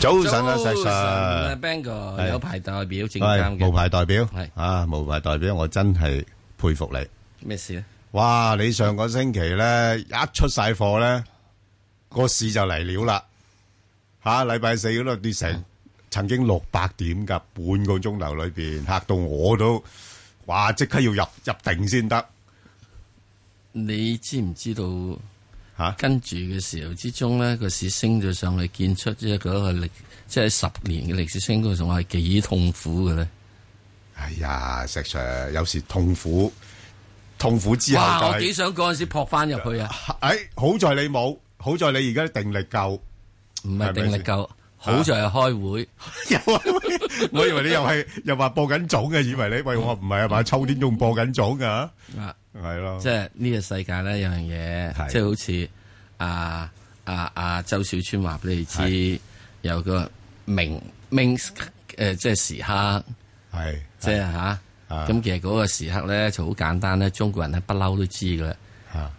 早晨啊，Sir。係。係無牌代表。係。啊，無牌代表，我真係佩服你。咩事咧？哇！你上個星期咧，一出晒貨咧，個市就嚟了啦。吓，禮拜四嗰度跌成，曾經六百點㗎，半個鐘頭裏邊嚇到我都，哇！即刻要入入定先得。你知唔知道？跟住嘅時候之中咧，個市升咗上去，見出即係嗰個歷，即係十年嘅歷史升高，仲係幾痛苦嘅咧。哎呀，石 Sir，有時痛苦，痛苦之後，就係。哇！我幾想嗰陣時撲翻入去啊！哎，好在你冇，好在你而家定力夠，唔係定力夠，啊、好在係開會。又係，啊， 我以為你又係又話播緊種嘅，以為你，為何唔係啊？嘛，秋天仲播緊種嘅。係咯， 即係呢、這個世界咧，有樣嘢，的即係好似阿阿阿周小川話俾你知，有個明明誒，啊、的即係時刻，係即係吓，咁的、嗯、其實嗰個時刻咧，就好簡單咧，中國人咧不嬲都知噶啦，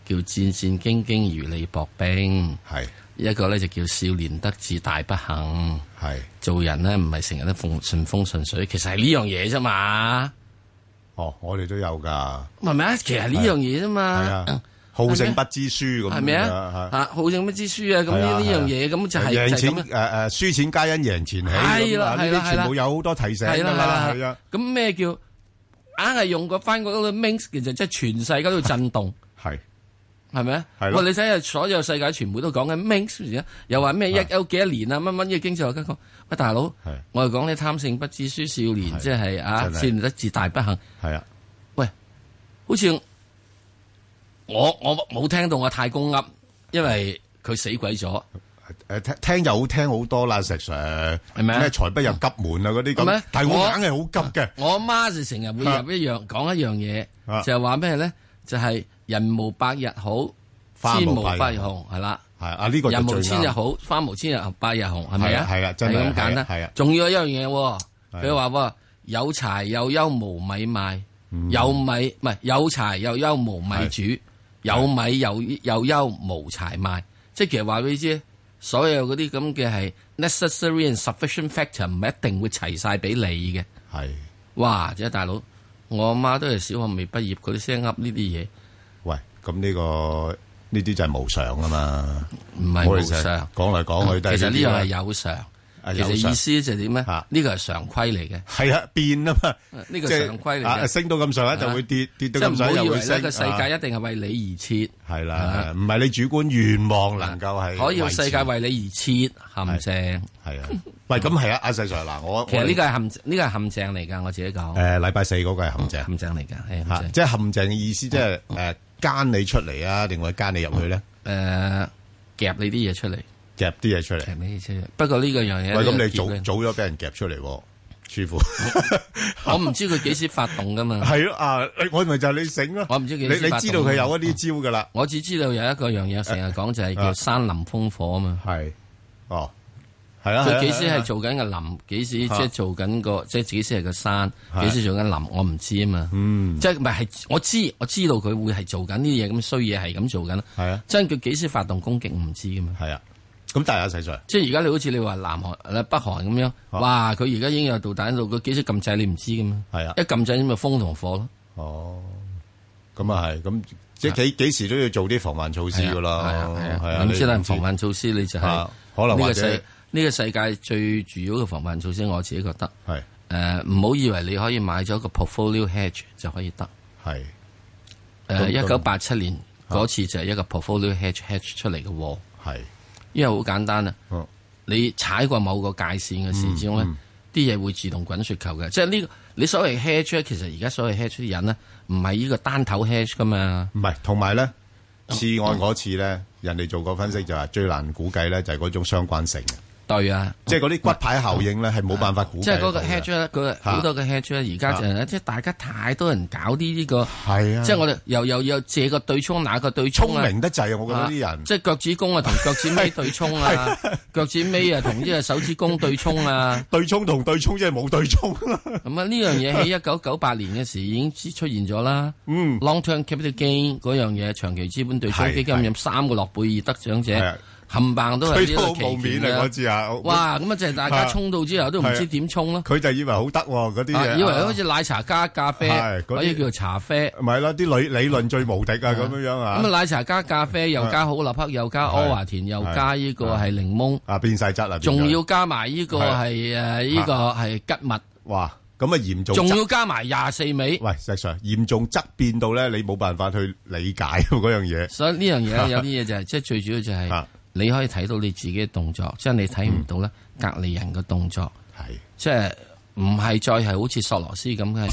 叫戰戰兢兢如履薄冰，係的一個咧就叫少年得志大不幸，係的做人咧唔係成日都順順風順水，其實係呢樣嘢啫嘛。哦，我哋都有噶，係咪啊？其實呢樣嘢啫嘛，好勝不知輸咁，係咪啊？吓好勝不知輸啊！咁呢呢樣嘢咁就係贏錢誒誒，輸錢皆因贏錢起咁啊！呢啲全部有好多提醒得啦，係啊！咁咩叫硬係用過翻嗰個 mines？其實即係全世界度震動，係。係咪啊？喂，你睇下所有世界全部都講緊咩？又話咩一有幾多年啊？乜乜嘢經濟學家講？喂，大佬，我係講你貪勝不知輸少年，即係啊，唔得自大不幸。係啊，喂，好似我我冇聽到我太公噏，因為佢死鬼咗。誒聽聽又好聽好多啦，石 Sir 係咪？咩財不入急門啊？嗰啲咁，但係我硬係好急嘅。我阿媽就成日會入一樣講一樣嘢，就係話咩咧？就係。人無百日好，花無百日紅，係啦。係啊，呢個人無千日好，花無千日百日紅係咪吧啊？係啦、啊，就係咁簡單。係啊，仲要、啊、有一樣嘢，佢話、啊、有柴有憂無米賣，嗯、有米唔係有柴有憂無米煮，是有米有有憂無柴賣。啊、即係其實話俾你知，所有嗰啲咁嘅係 necessary and sufficient factor 唔係一定會齊晒俾你嘅。係是哇，即大佬，我阿媽都係小學未畢業，佢都識噏呢啲嘢。咁呢個呢啲就係無常啊嘛，唔係冇常。講嚟講去，其實呢樣係有常。其實意思就係點咩？呢個係常規嚟嘅。係啊，變啊嘛，呢個常規嚟嘅。升到咁上一定會跌，跌到咁上又會升。個世界一定係為你而設，係啦，唔係你主觀願望能夠係。可以話世界為你而設，陷阱。係啊，喂，咁係啊，阿世 Sir 嗱，我其實呢個係陷阱，呢個係陷阱嚟噶，我自己講。誒，禮拜四嗰個係陷阱，陷阱嚟嘅，吓，即係陷阱嘅意思，即係誒。奸你出嚟啊，定或奸你入去咧？誒、呃，夾你啲嘢出嚟，夾啲嘢出嚟。出不過呢個樣嘢，喂，咁你早早咗俾人夾出嚟，師傅。我唔 知佢幾時發動噶嘛。係咯啊，我咪就係你醒咯，啊。我唔知幾，你你知道佢有一啲招噶啦，啊。我只知道有一個樣嘢，成日講就係叫山林烽火啊嘛。係，啊，哦，啊。係啦，佢幾時係做緊個林？幾時即係做緊個即係自己先係個山？幾時做緊林？我唔知啊嘛。即係唔係？我知，我知道佢會係做緊呢啲嘢，咁衰嘢，係咁做緊。係啊，真佢幾時發動攻擊，我唔知噶嘛。係啊，咁大家一齊即係而家你好似你話南韓、北韓咁樣，哇！佢而家已經有導彈喺度，佢幾時撳掣你唔知噶嘛？係啊，一撳掣咁咪風同火咯。哦，咁啊係，咁即係幾幾時都要做啲防範措施噶啦。係係咁即係防範措施，你就係可能或者。呢個世界最主要嘅防範措施，我自己覺得係誒唔好以為你可以買咗一個 portfolio hedge 就可以得，係誒一九八七年嗰、啊、次就係一個 portfolio hedge hedge 出嚟嘅喎係，是因為好簡單啊！你踩過某個界線嘅時之中咧，啲嘢、嗯嗯、會自動滾雪球嘅。即係呢、這個，你所謂 hedge 其實而家所謂 hedge 啲人咧，唔係呢個單頭 hedge 噶嘛，唔係同埋咧，次案嗰次咧，人哋做個分析就話、嗯、最難估計咧，就係嗰種相關性嘅。對啊，即係嗰啲骨牌效應咧，係冇辦法估。即係嗰個 hedger，嗰好多嘅 hedger，而家就即係大家太多人搞啲呢個。係啊，即係我哋又又又借個對沖，哪個對沖啊？聰明得滯啊！我覺得啲人。即係腳趾公啊，同腳趾尾對沖啊，腳趾尾啊，同呢係手指公對沖啊。對沖同對沖即係冇對沖。咁啊，呢樣嘢喺一九九八年嘅時已經出現咗啦。Long Term Capital Gain 嗰樣嘢，長期資本對沖基金入三個諾貝爾得獎者。冚棒都係呢度蒙面啊！嗰知啊，哇！咁啊，就係大家衝到之後都唔知點衝咯。佢就以為好得嗰啲啊，以為好似奶茶加咖啡，或者叫茶啡，唔係咯，啲理理論最無敵啊！咁樣樣啊，咁啊，奶茶加咖啡又加好立克，又加阿華田，又加呢個係檸檬啊，變晒質啦！仲要加埋呢個係誒呢個係吉物，哇！咁啊嚴重，仲要加埋廿四味。喂，石 Sir 嚴重質變到咧，你冇辦法去理解嗰樣嘢。所以呢樣嘢有啲嘢就係，即係最主要就係。你可以睇到你自己嘅動作，即係你睇唔到咧隔籬人嘅動作，係、嗯、即係唔係再係好似索羅斯咁嘅。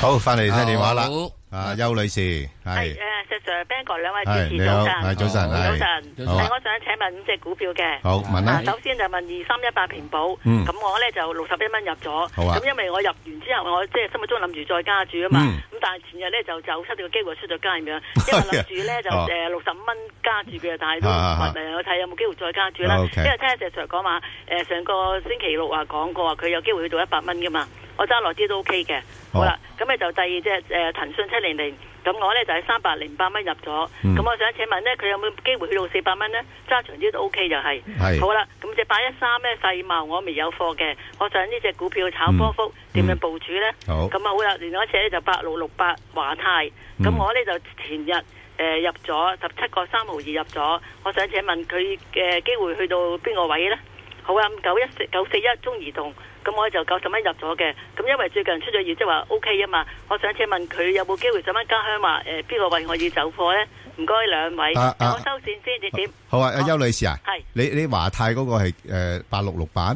好，返嚟聽電話啦。啊，邱女士係，誒，石 Sir，Banker 兩位主持早晨，早晨，早晨，我想請問五隻股票嘅，好問下。首先就問二三一八平保，咁我咧就六十一蚊入咗，咁因為我入完之後我即係心目中諗住再加注啊嘛，咁但係前日咧就走失咗個機會出咗街咁樣，因為諗住咧就誒六十蚊加住嘅，但係都誒我睇有冇機會再加注啦，因為聽阿石 Sir 講話，誒上個星期六啊講過佢有機會要做一百蚊噶嘛。我揸耐啲都 OK 嘅，oh. 好啦，咁你就第二隻誒、呃、騰訊七零零，咁我咧就係三百零八蚊入咗，咁、mm. 我想請問咧佢有冇機會去到四百蚊咧？揸長啲都 OK 就係、係，mm. 好啦，咁隻八一三咧世茂我未有貨嘅，我想呢隻股票炒波幅點樣部署咧？Mm. 好，咁啊好啦，另外一隻咧就八六六八華泰，咁、mm. 我咧就前日誒、呃、入咗十七個三毫二入咗，我想請問佢嘅、呃、機會去到邊個位咧？好啊，九一九四一中移動。咁我就九十蚊入咗嘅，咁因為最近出咗業績，即係話 O K 啊嘛，我想請問佢有冇機會上返家鄉話，誒，邊個為我要走貨咧？唔該兩位，我收線先，你點？好啊，阿邱女士啊，係你你華泰嗰個係，誒八六六八，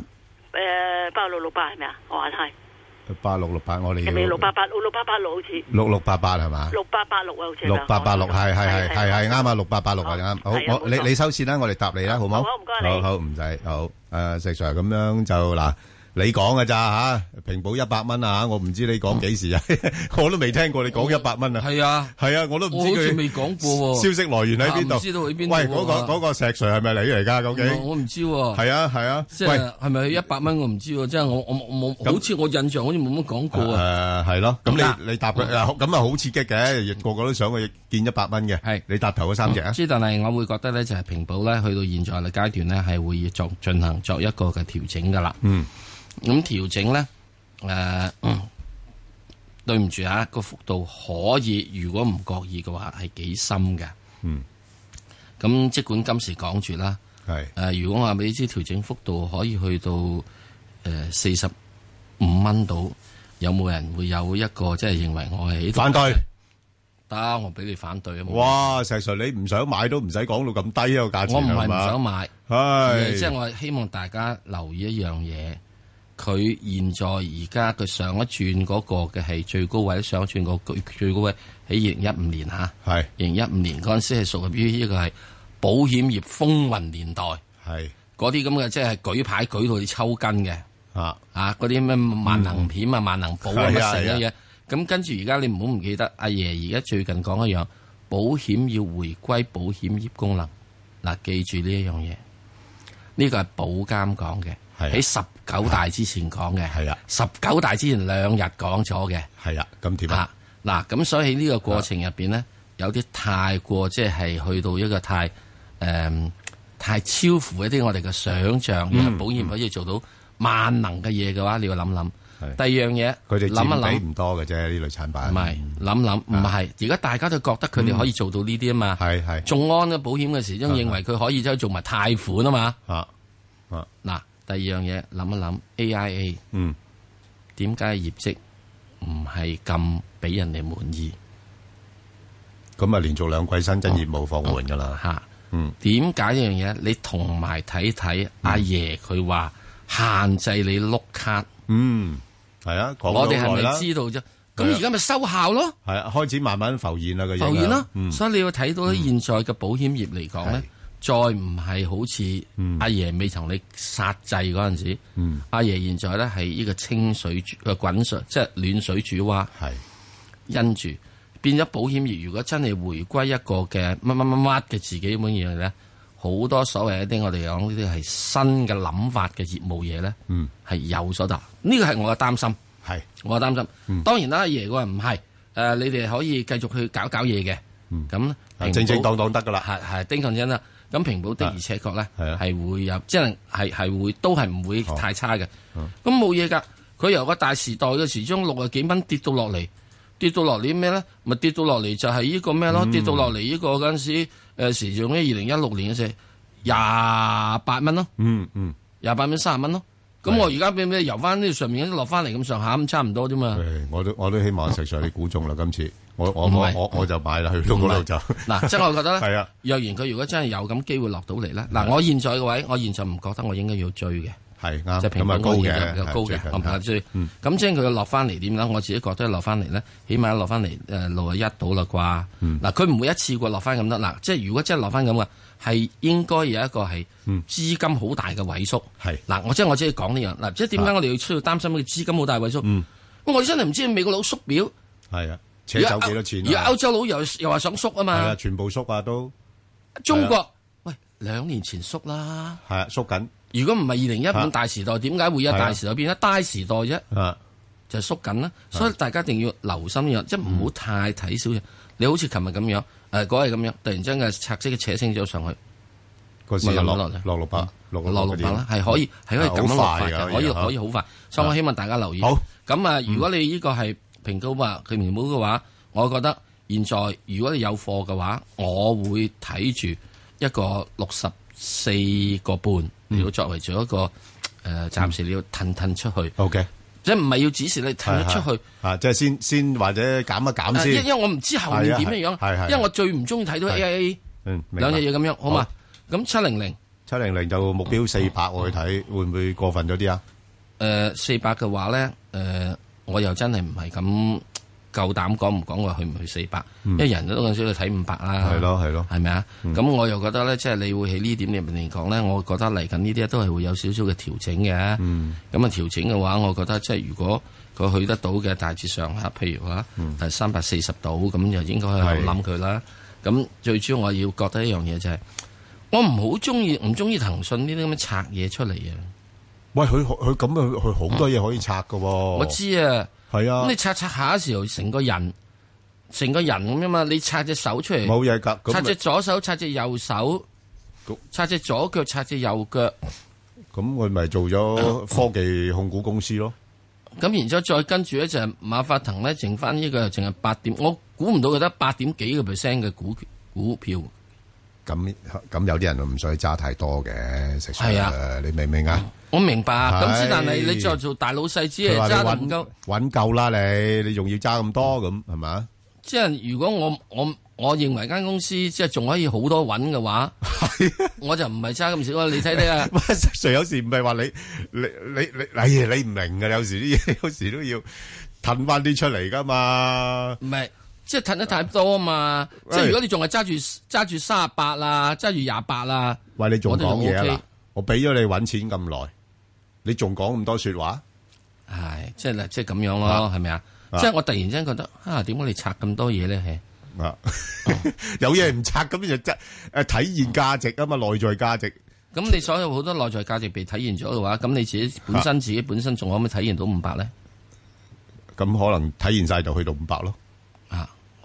誒八六六八係咪啊？華泰八六六八，我哋係咪六八八六八八六好似六六八八，係嘛？六八八六啊，好似六八八六，係係係係係啱啊！六八八六啊，啱，好我你你收線啦，我哋答你啦，好唔好？好唔該你，好唔使，好誒，石 Sir 咁樣就嗱。你講嘅咋吓？平保一百蚊啊，我唔知你講幾時啊，我都未聽過你講一百蚊啊。係啊，係啊，我都唔知佢。我好似未講過。消息來源喺邊度？唔知道喺邊度。喂，嗰個嗰個石 Sir 係咪你嚟噶？究竟？我唔知。係啊係啊。即係係咪一百蚊？我唔知。即係我我我冇。好似我印象好似冇乜講過啊。誒，係咯。咁你你答佢，咁啊好刺激嘅，個個都想去見一百蚊嘅。係你答頭嗰三隻。但係，我會覺得咧就係平保咧，去到現在嘅階段咧係會作進行作一個嘅調整噶啦。嗯。咁調整咧，誒，對唔住啊，個幅度可以，如果唔覺意嘅話，係幾深嘅。嗯，咁即管今時講住啦。係。誒，如果我話俾你知調整幅度可以去到誒四十五蚊到，有冇人會有一個即係認為我係反對？得，我俾你反對啊！哇！石 Sir，你唔想買都唔使講到咁低個價錢。我唔係唔想買。係。誒，即係我希望大家留意一樣嘢。佢現在而家佢上一轉嗰個嘅係最高位，上一轉個最高位喺二零一五年嚇，二零一五年嗰陣時係屬於呢個係保險業風雲年代，係嗰啲咁嘅即係舉牌舉到你抽筋嘅。是啊，啊嗰啲咩萬能險啊萬能保咁成嘅嘢，咁跟住而家你唔好唔記得，阿爺而家最近講一樣保險要回歸保險業功能，嗱，記住呢一樣嘢，呢個係保監講嘅。喺十九大之前講嘅，係啊！十九大之前兩日講咗嘅，係啊！咁點啊？嗱，咁所以呢個過程入邊呢，有啲太過即係去到一個太誒太超乎一啲我哋嘅想像。保險可以做到萬能嘅嘢嘅話，你要諗諗。第二樣嘢，佢哋諗一諗唔多嘅啫，呢類產品唔係諗諗唔係。而家大家都覺得佢哋可以做到呢啲啊嘛，係，係眾安嘅保險嘅時，都認為佢可以做埋貸款啊嘛。啊嗱！第二樣嘢諗一諗 AIA，點解業績唔係咁俾人哋滿意？咁啊，連續兩季新增業務放緩噶啦吓。嗯，點解呢樣嘢？你同埋睇睇阿爺佢話限制你碌卡。嗯，係啊，我哋係咪知道啫？咁而家咪收效咯。係啊，開始慢慢浮現啦嘅嘢。浮現啦，嗯、所以你要睇到咧，現在嘅保險業嚟講咧。嗯再唔係好似阿爺未同你殺制嗰陣時，阿、嗯、爺現在咧係呢個清水煮個滾水，即係暖水煮蛙。係是因住變咗保險業，如果真係回歸一個嘅乜乜乜乜嘅自己咁樣嘢咧，好多所謂一啲我哋講呢啲係新嘅諗法嘅業務嘢咧，係、嗯、有所得。呢個係我嘅擔心，係是我嘅擔心。嗯、當然啦，阿爺話唔係，誒、呃、你哋可以繼續去搞搞嘢嘅。咁、嗯、正正當當得㗎啦，係係丁強真啦。咁平保的而且確咧，係、啊、會入，即係係係會都係唔會太差嘅。咁冇嘢㗎，佢、哦、由個大時代嘅時鐘六啊幾蚊跌到落嚟，跌到落嚟咩咧？咪跌到落嚟就係呢個咩咯？跌到落嚟呢個嗰陣、嗯、時誒、呃、時鐘咧，二零一六年嘅時，廿八蚊咯。嗯嗯嗯嗯，廿八蚊三十蚊咯。咁我而家俾你由翻呢上面落翻嚟咁上下咁差唔多啫嘛。我都我都，我都起碼實在你估中啦， 今次。我我我就買啦，去到嗰度就嗱，即係我覺得咧，係啊，若然佢如果真係有咁機會落到嚟咧，嗱，我現在嘅位，我現在唔覺得我應該要追嘅，係即係平盤高嘅，又高嘅，我唔追。嗯，咁即係佢落翻嚟點咧？我自己覺得落翻嚟咧，起碼落翻嚟誒六啊一到啦啩。嗱，佢唔會一次過落翻咁多嗱。即係如果真係落翻咁嘅，係應該有一個係資金好大嘅萎縮。係嗱，我即係我即係講呢樣嗱，即係點解我哋要需要擔心佢資金好大萎縮？嗯，我真係唔知美國佬縮表係啊。扯走幾多錢？而家歐洲佬又又話想縮啊嘛！全部縮啊都。中國喂，兩年前縮啦。係啊，縮緊。如果唔係二零一五大時代，點解會有大時代變咗大時代啫。就係縮緊啦。所以大家一定要留心呢樣，即係唔好太睇少嘢。你好似琴日咁樣，誒嗰日咁樣，突然之間拆色嘅扯升咗上去。嗰時落落六百，落落六百啦，係可以，係因為咁樣落法嘅，可以可以好快。所以我希望大家留意。好咁啊！如果你呢個係。平估嘛？佢平好嘅話，我覺得現在如果你有貨嘅話，我會睇住一個六十四個半，如果作為咗一個誒、呃、暫時你要褪褪出去。O K，、嗯、即係唔係要指示你褪出去？啊，即係先先或者減一減先。因因為我唔知後面點樣樣。係因為我最唔中意睇到 AIA 兩隻嘢咁樣，是是好嘛嗎？咁七零零，七零零就目標四百我去睇，會唔會過分咗啲啊？誒、嗯呃，四百嘅話咧，誒、呃。呃呃我又真係唔係咁夠膽講唔講話去唔去四百、嗯，因為人都有少少睇五百啦。係咯係咯，係咪啊？咁、嗯、我又覺得咧，即、就、係、是、你會喺呢點入面嚟講咧，我覺得嚟緊呢啲都係會有少少嘅調整嘅。咁啊、嗯、調整嘅話，我覺得即係、就是、如果佢去得到嘅大致上下，譬如話係三百四十度咁，嗯、就應該去諗佢啦。咁的最主要我要覺得一樣嘢就係、是，我唔好中意唔中意騰訊呢啲咁嘅拆嘢出嚟啊！喂，佢佢咁樣，佢好多嘢可以拆噶喎。我知啊，係啊。咁你拆拆下嗰時候，成個人，成個人咁啫嘛，你拆隻手出嚟。冇嘢噶，拆隻左手，拆隻右手，那拆隻左腳，拆隻右腳。咁佢咪做咗科技控股公司咯？咁 然之後再跟住咧就係、馬化騰咧剩翻呢、這個淨係八點，我估唔到佢得八點幾個 percent 嘅股股票。咁咁有啲人就唔需揸太多嘅，食係啊，你明唔明啊？我明白，咁之是但係你做做大老細之嘢，揸都唔夠，搵夠啦你，你仲要揸咁多咁係嘛？即係如果我我我認為間公司即係仲可以好多搵嘅話，呀我就唔係揸咁少咯、 啊。 你睇睇啊，Sir 有時唔係話你你你你你唔明嘅，有時啲嘢有時都要褪翻啲出嚟噶嘛，唔係。即係褪得太多啊嘛！即係如果你仲係揸住揸住三十八啦，揸住廿八啦，喂你仲講嘢啊啦！我俾咗你搵錢咁耐，你仲講咁多說話？係即係即係咁樣咯，係咪啊？即係我突然之間覺得啊，點解你拆咁多嘢咧？係有嘢唔拆咁就即誒體現價值啊嘛！內在價值。咁你所有好多內在價值被體現咗嘅話，咁你自己本身自己本身仲可唔可以體現到五百咧？咁可能體現晒就去到五百咯。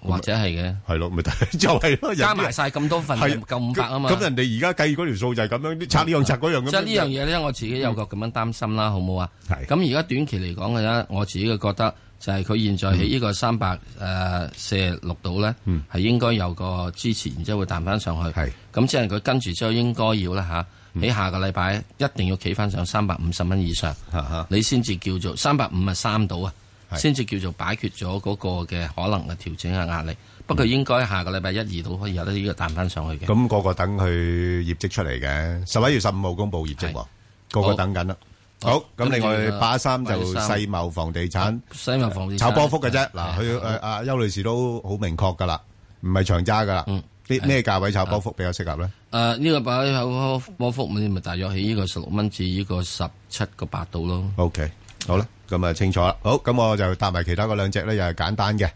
或者係嘅，係咯，咪就係咯，加埋晒咁多份，夠五百啊嘛。咁人哋而家計嗰條數就係咁樣，拆呢樣拆嗰樣。即係呢樣嘢咧，我自己有個咁樣擔心啦，好冇啊？係。咁而家短期嚟講嘅咧，我自己嘅覺得就係佢現在喺呢個三百誒四六度咧，係應該有個支持，然之後會彈翻上去。係。咁即係佢跟住之後應該要咧吓，喺下個禮拜一定要企翻上三百五十蚊以上，你先至叫做三百五啊三度啊，先至叫做擺脫咗嗰個嘅可能嘅調整嘅壓力，不過應該下個禮拜一二度可以有得呢個彈返上去嘅。咁個個等佢業績出嚟嘅，十一月十五號公佈業績，個個等緊啦。好，咁另外八三就世茂房地產，世茂房地產炒波幅嘅啫。嗱，佢阿阿邱女士都好明確噶啦，唔係長揸噶啦。啲咩價位炒波幅比較適合咧？誒，呢個八波幅咁，咪大約喺呢個十六蚊至呢個十七個八度咯。OK，好啦。咁啊清楚啦，好，咁我就搭埋其他嗰兩隻咧，又係簡單嘅。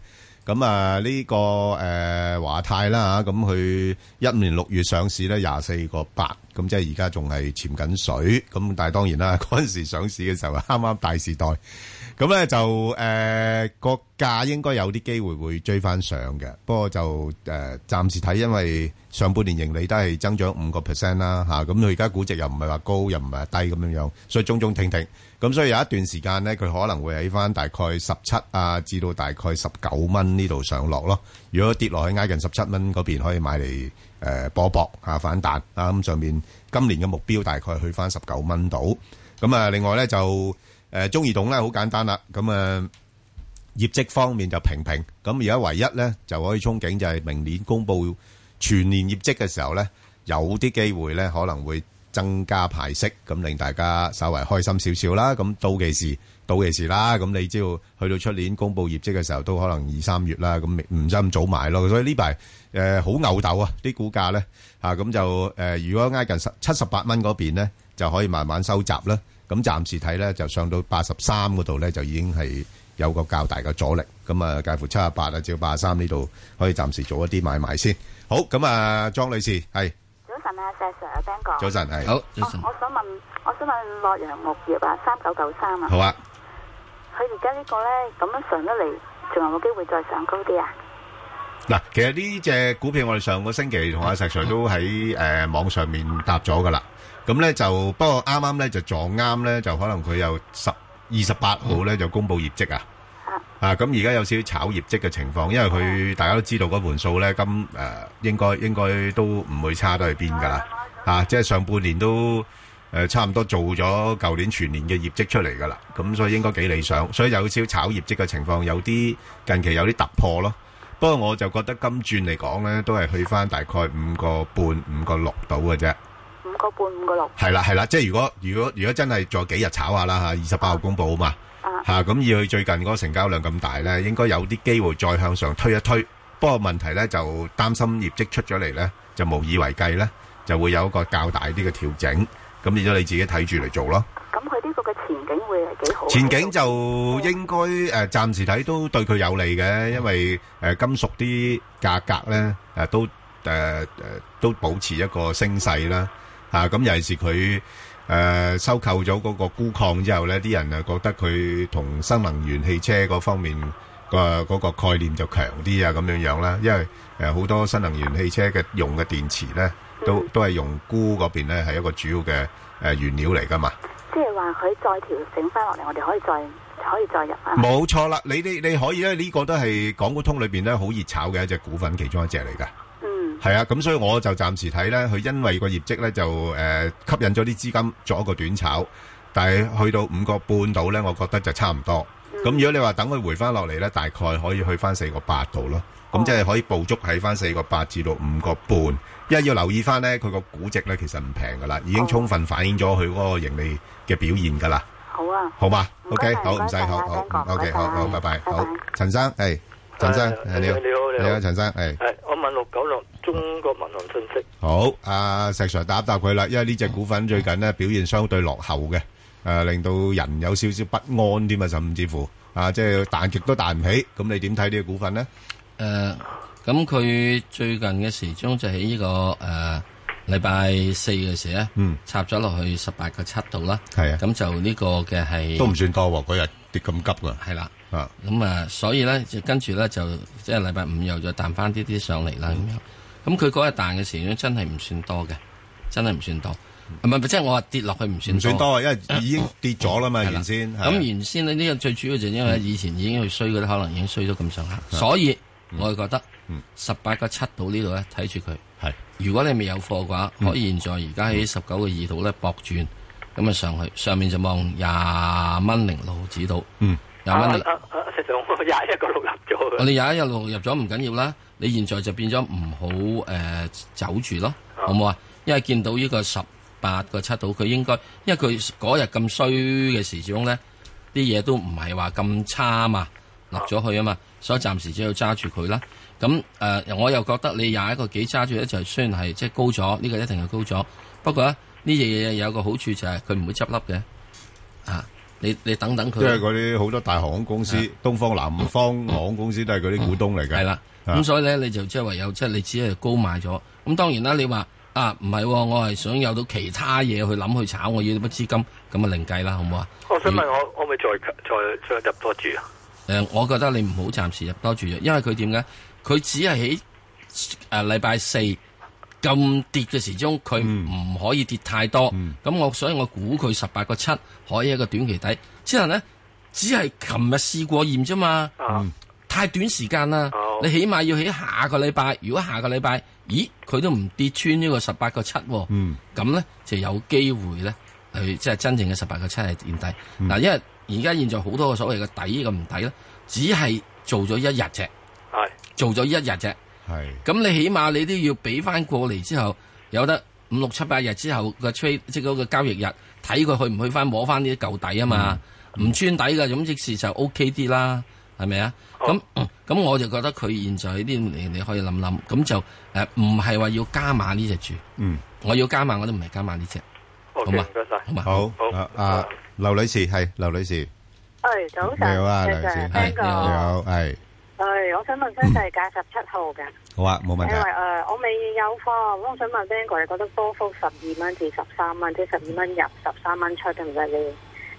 咁啊呢、這個誒華、呃、泰啦吓，咁佢一五年六月上市咧廿四個八，咁、嗯、即係而家仲係潛緊水。咁但係當然啦，嗰陣時上市嘅時候，啱啱大時代。咁咧就誒、呃、個價應該有啲機會會追翻上嘅，不過就誒、呃、暫時睇，因為上半年盈利都係增長五個 percent 啦，嚇咁佢而家估值又唔係話高，又唔係話低咁樣樣，所以中中停停，咁所以有一段時間咧，佢可能會喺翻大概十七啊至到大概十九蚊呢度上落咯。如果跌落去挨近十七蚊嗰邊，可以買嚟誒、呃、波博嚇、啊、反彈啊咁上面今年嘅目標大概去翻十九蚊到。咁啊，另外咧就。誒中移動咧好簡單啦，咁誒業績方面就平平，咁而家唯一咧就可以憧憬就係明年公布全年業績嘅時候咧，有啲機會咧可能會增加派息，咁令大家稍為開心少少啦。咁到嗰時，到嗰時啦。咁你知道去到出年公布業績嘅時候都可能二三月啦，咁唔使咁早買咯。所以呢排誒好牛竇啊，啲股價咧嚇咁就誒如果挨近七十八蚊嗰邊咧，就可以慢慢收集啦。咁暫時睇咧，就上到八十三嗰度咧，就已經係有個較大嘅阻力。咁啊，介乎七十八啊，至到八十三呢度，可以暫時做一啲買賣先。好，咁啊，莊女士，係早晨啊，石 Sir 阿 Ben 哥，早晨，係好。我我想問，我想問，洛陽鉬業啊，三九九三啊，好啊。佢而家呢個咧咁樣上得嚟，仲有冇機會再上高啲啊？嗱，其實呢隻股票我哋上個星期同阿石 Sir 都喺誒網上面答咗㗎喇。咁咧就，不過啱啱咧就撞啱呢就可能佢有十二十八號呢就公布業績啊！啊，咁而家有少少炒業績嘅情況，因為佢大家都知道嗰盤數咧，金誒、呃、應該應該都唔會差到去邊㗎啦！啊，即係上半年都誒、呃、差唔多做咗舊年全年嘅業績出嚟㗎啦，咁、啊、所以應該幾理想，所以有少少炒業績嘅情況，有啲近期有啲突破咯。不過我就覺得今轉嚟講呢，都係去翻大概五個半、五個六度嘅啫。個半五個六係啦，係啦，即係如果如果如果真係再幾日炒下啦吓，二十八號公布啊嘛吓，咁以佢最近嗰個成交量咁大咧，應該有啲機會再向上推一推。不過問題咧就擔心業績出咗嚟，咧就無以為繼咧，就會有一個較大啲嘅調整。咁變咗你自己睇住嚟做咯。咁佢呢個嘅前景會係幾好？前景就應該誒，暫時睇都對佢有利嘅，因為誒金屬啲價格咧誒都誒誒都保持一個升勢啦。啊，咁尤其是佢誒收購咗嗰個鈷礦之後咧，啲人誒覺得佢同新能源汽車嗰方面個嗰個概念就強啲啊，咁樣樣啦，因為誒好多新能源汽車嘅用嘅電池咧，都都係用鈷嗰邊咧係一個主要嘅誒原料嚟噶嘛。即係話佢再調整翻落嚟，我哋可以再可以再入啊？冇錯啦，你你你可以咧，呢個都係港股通裏邊咧好熱炒嘅一隻股份，其中一隻嚟噶。係啊，咁所以我就暫時睇呢。佢因為個業績呢，就誒、呃、吸引咗啲資金做一個短炒，但係去到五個半度呢，我覺得就差唔多。咁、嗯嗯、如果你話等佢回翻落嚟呢，大概可以去翻四個八度咯。咁即係可以捕捉喺翻四個八至到五個半。一要留意翻呢，佢個估值呢，其實唔平噶啦，已經充分反映咗佢嗰個盈利嘅表現噶啦。好啊，好嘛，OK，好唔使學，OK，好好，好，拜拜，拜拜好，陳生，係。拜拜。陳生，的你好，你好，你好，陳好好生，係的。係我問六九六中國民航信息。好，阿、啊、石 Sir 答一答佢啦，因為呢隻股份最近咧表現相對落後嘅，誒、啊、令到人有少少不安添啊，甚至乎啊即係彈極都彈唔起。咁你點睇呢隻股份呢？誒、呃，咁佢最近嘅時鐘就喺、這個呃、呢個誒禮拜四嘅時咧，嗯，插咗落去十八個七度啦。係啊的。咁就呢個嘅係。都唔算多，佢日跌咁急噶。係啦。咁啊，所以咧就跟住咧就即係禮拜五又再彈翻啲啲上嚟啦。咁樣咁佢嗰日彈嘅時候真係唔算多嘅，真係唔算多。唔係即係我話跌落去唔算多，最多因為已經跌咗啦嘛。原先咁原先呢，呢個最主要就因為以前已經去衰嗰啲，可能已經衰咗咁上下，所以我覺得十八個七度呢度咧睇住佢。係，如果你未有貨嘅話，可以現在而家喺十九個二度咧博轉，咁啊上去上面就望廿蚊零六止度。嗯。廿蚊你，廿、啊啊、一個六入咗。你廿一個六入咗唔緊要啦，你現在就變咗唔好誒走住咯，好唔好啊？因為見到呢個十八個七度，佢應該因為佢嗰日咁衰嘅時鐘咧，啲嘢都唔係話咁差啊嘛，落咗去啊嘛，所以暫時只要揸住佢啦。咁誒、呃，我又覺得你廿一個幾揸住咧，就雖然係即係高咗，呢、這個一定係高咗。不過呢隻嘢有個好處就係佢唔會執笠嘅，啊。你你等等佢，即係嗰啲好多大航空公司、的東方、南方、嗯、航空公司都係嗰啲股東嚟嘅。係啦，咁所以咧，你就即係唯有即係、就是、你只係高買咗。咁當然啦，你話啊唔係、哦，我係想有到其他嘢去諗去炒，我要啲乜資金咁啊，另計啦，好唔好啊？我想問我、嗯我，我可唔可以再再再，再入多注啊？誒、呃，我覺得你唔好暫時入多注，因為佢點解？佢只係喺誒禮拜四。咁跌嘅時鐘，佢唔可以跌太多。咁、嗯、我所以我估佢十八個七可以一個短期底。之後呢，只係琴日試過驗啫嘛，嗯、太短時間啦。你起碼要喺下個禮拜。如果下個禮拜，咦，佢都唔跌穿呢個十八個七，咁、嗯、呢，就有機會呢，佢即係真正嘅十八個七係底。嗱、嗯，因為而家現在好多個所謂嘅底嘅唔底咧，只係做咗一日啫，是做咗一日啫。係，咁你起碼你都要俾翻過嚟之後，有得五六七八日之後嘅即嗰個交易日，睇佢去唔去翻摸翻呢啲舊底啊嘛，唔穿底嘅咁，即時就 OK 啲啦，係咪啊？咁咁我就覺得佢現在呢啲，你你可以諗諗，咁就誒唔係話要加碼呢隻住，嗯，我要加碼我都唔係加碼呢隻，好嘛？唔該晒。好，好，啊，劉女士係劉女士，係早上，你好啊，劉女士，你好，你好，係。誒，我想問新世界十七號嘅，好啊，冇問題。因為誒、呃，我未有貨，我想問 Ben 哥，你覺得波幅十二蚊至十三蚊，即係十二蚊入，十三蚊出得唔得咧？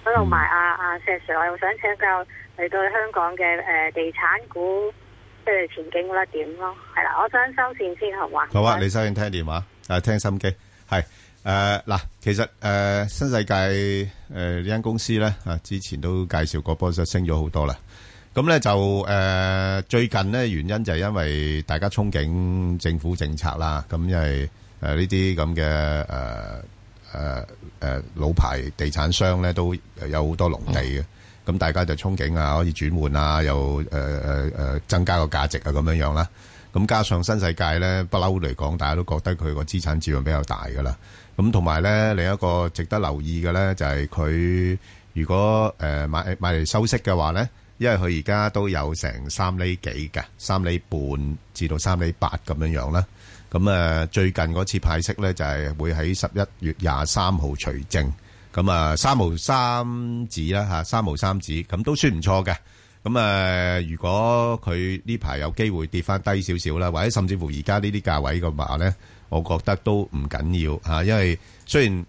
咁同埋阿阿 s、嗯啊啊、Sir, 我又想請教嚟到香港嘅誒、呃、地產股嘅前景覺得點咯？係啦，我想收線先合嘛？好啊，想你收線聽電話，誒、啊、聽心機係誒嗱，其實誒、呃、新世界誒呢間公司咧，啊之前都介紹過波就升咗好多啦。咁咧就誒、呃、最近呢，原因就係因為大家憧憬政府政策啦，咁因為誒呢啲咁嘅誒誒誒老牌地產商咧都有好多農地嘅，咁、嗯、大家就憧憬啊可以轉換啊，又誒誒誒增加個價值啊咁樣樣啦。咁加上新世界咧不嬲嚟講，大家都覺得佢個資產置換比較大㗎啦。咁同埋咧另一個值得留意嘅咧就係、是、佢如果誒、呃、買買嚟收息嘅話咧。因為佢而家都有成三厘幾嘅，三厘半至到三厘八咁樣樣啦。咁啊，最近嗰次派息呢，就係會喺十一月廿三號除正。咁啊，三毫三子啦吓，三毫三子咁都算唔錯嘅。咁啊，如果佢呢排有機會跌翻低少少啦，或者甚至乎而家呢啲價位嘅話呢，我覺得都唔緊要吓。因為雖然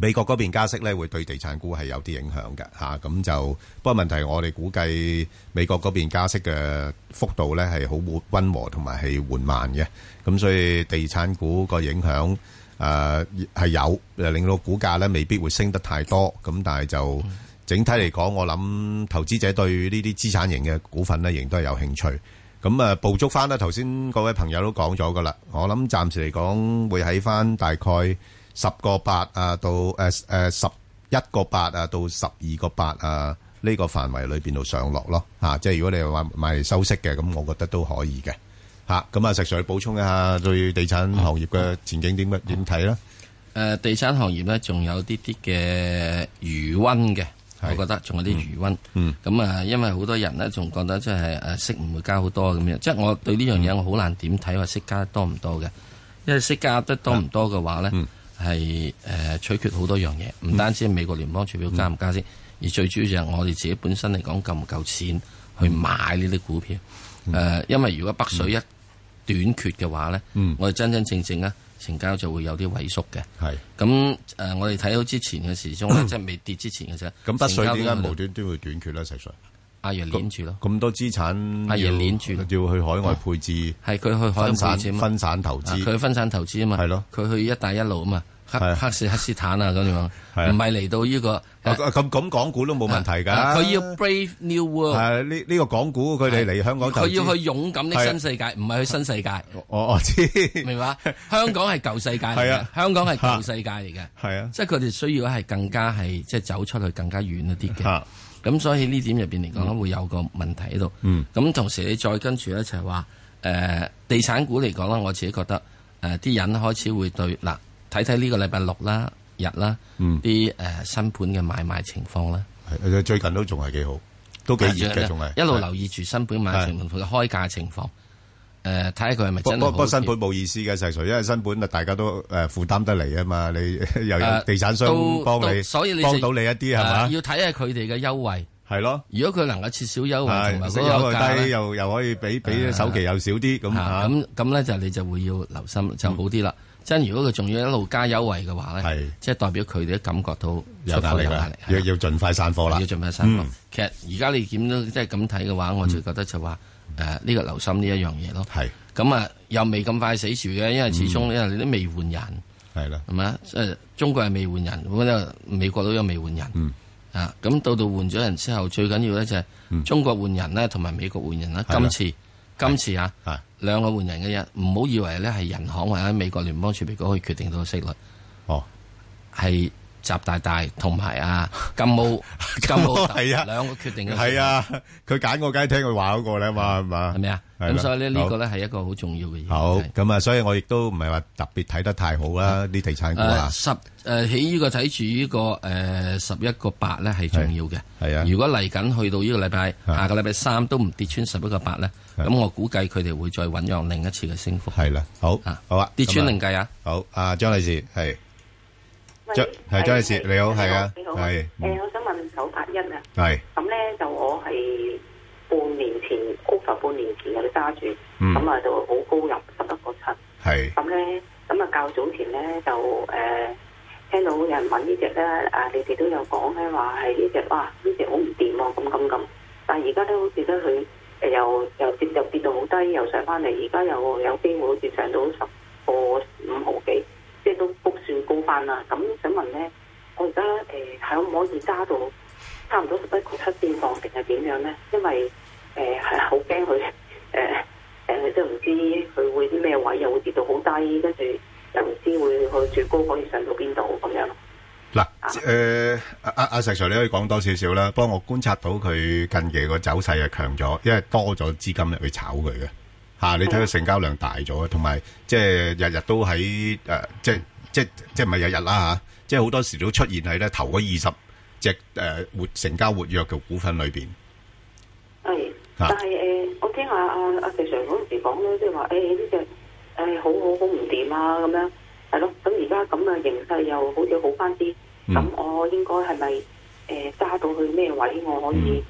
美國嗰邊加息咧，會對地產股係有啲影響嘅嚇，咁就不過問題，我哋估計美國嗰邊加息嘅幅度咧係好溫和同埋係緩慢嘅，咁所以地產股個影響誒係有，令到股價咧未必會升得太多，咁但係就整體嚟講，我諗投資者對呢啲資產型嘅股份咧，仍都係有興趣。咁啊，捕捉翻啦，頭先各位朋友都講咗噶啦，我諗暫時嚟講會喺翻大概。8，啊啊、十個八啊，到誒誒十一個八啊，到十二個八啊，呢個範圍裏邊度上落咯，吓、啊，即係如果你話買，買收息嘅，咁我覺得都可以嘅，吓，咁啊，石 Sir 你補充一下對地產行業嘅前景點點睇啦？誒，嗯嗯、地產行業咧仲有啲啲嘅餘温嘅，我覺得仲有啲餘温，嗯，咁啊，因為好多人咧仲覺得即係誒息唔會加好多咁樣，即係我對呢樣嘢，我好難點睇話息加得多唔多嘅，因為息加得多唔多嘅話咧。嗯嗯係誒、呃、取決好多樣嘢，唔、嗯、單止美國聯邦儲票加唔加先，嗯、而最主要就係我哋自己本身嚟講夠唔夠錢去買呢啲股票誒、嗯呃。因為如果北水一短缺嘅話咧，嗯、我哋真真正正咧成交就會有啲萎縮嘅。係咁誒，我哋睇好之前嘅時鐘 即係未跌之前嘅啫。咁北水點解無端端會短缺咧？陳水。阿爺攣住咯，咁多資產，阿爺攣住，佢要去海外配置，係佢去分散，分散投資，佢去分散投資啊嘛，係咯，佢去一帶一路啊嘛，黑黑市、黑斯坦啊咁樣，唔係嚟到呢個咁咁港股都冇問題噶，佢要 brave new world，呢呢個港股佢哋嚟香港，佢要去勇敢嘅新世界，唔係去新世界，我我知，明白，香港係舊世界嚟嘅，香港係舊世界嚟嘅，係啊，即係佢哋需要係更加係即係走出去更加遠一啲嘅。咁所以呢點入邊嚟講咧，會有個問題喺度。咁、嗯、同時你再跟住咧，就係話誒地產股嚟講咧，我自己覺得誒啲、呃、人開始會對嗱，睇睇呢個禮拜六啦、日啦啲誒、嗯呃、新盤嘅買賣情況咧。係、嗯，最近都仲係幾好，都幾的熱嘅，仲係一路留意住新盤買賣情況同佢開價情況。誒，睇下佢係咪真係好？不過，新盤冇意思嘅，就係因為新盤啊，大家都誒負擔得嚟啊嘛，你又有地產商幫你，所以你幫到你一啲係嘛？要睇下佢哋嘅優惠係咯。如果佢能夠切少優惠，同埋嗰個價又又可以俾俾首期又少啲咁吓。咁咁咧就你就會要留心就好啲啦。真如果佢仲要一路加優惠嘅話咧，係即係代表佢哋都感覺到有壓力，要要盡快散貨啦。要盡快散貨。其實而家你點都即係咁睇嘅話，我就覺得就話。誒，呢個留心呢一樣嘢咯，係咁啊，又未咁快死絕嘅，因為始終因為你都未換人，係啦的，係咪？即係中國係未換人，咁就美國都有未換人，嗯、啊，咁到到換咗人之後，最緊要咧就係中國換人咧，同埋美國換人啦，今次的今次啊，啊的，兩個換人嘅人，唔好以為咧係人行或者美國聯邦儲備局可以決定到個息率，哦，係。習大大同埋啊金毛，金毛係啊，兩個決定嘅事。係啊，佢揀個梗係聽佢話嗰個啦嘛，係嘛？係咪啊？咁所以咧，呢個咧係一個好重要嘅嘢。好咁啊，所以我亦都唔係話特別睇得太好啦，啲地產股啊。十，誒，喺呢個睇住呢個，誒，十一個八咧係重要嘅。係啊，如果嚟緊去到呢個禮拜，下個禮拜三都唔跌穿十一個八咧，咁我估計佢哋會再醞釀另一次嘅升幅。係啦，好好啊，跌穿另計啊。好，阿張女士係。張係張女士，你好，係啊，你好，係。誒，我想問九八一啊。係。咁咧就我係半年前 over 半年前有揸住，咁啊、嗯、就好高入十一個七。係。咁咧是，咁啊較早前咧就誒、呃、聽到有人問呢隻咧，啊你哋都有講咧話係呢隻哇呢隻好唔掂哦，咁咁咁。但係而家都好似得佢又又，又跌又跌到好低，又上翻嚟，而家又有機會好似上到十個五毫幾。即係都谷算高翻啦，咁想問咧，我而家誒，可唔可以揸到差唔多十一點七先放，定係點樣咧？因為誒係好驚佢誒誒，都唔知佢會啲咩位又會跌到好低，跟住又唔知會去最高可以上到邊度咁樣。嗱嘍，誒阿阿石 Sir，你可以講多少少啦，不過我觀察到佢近期個走勢係強咗，因為多咗資金入去炒佢嘅。吓，你睇到成交量大咗，同埋即係日日都喺誒、呃，即係即係即係唔係日日啦吓、啊，即係好多時都出現喺咧頭嗰二十隻誒活成交活躍嘅股份裏邊。係是，啊、但係誒、呃，我聽阿阿阿肥常嗰陣時講咧，即係話誒呢隻誒好好好唔掂啊咁樣，係咯，咁而家咁嘅形勢又好似好翻啲，咁我應該係咪誒揸到去咩位我可以？嗯嗯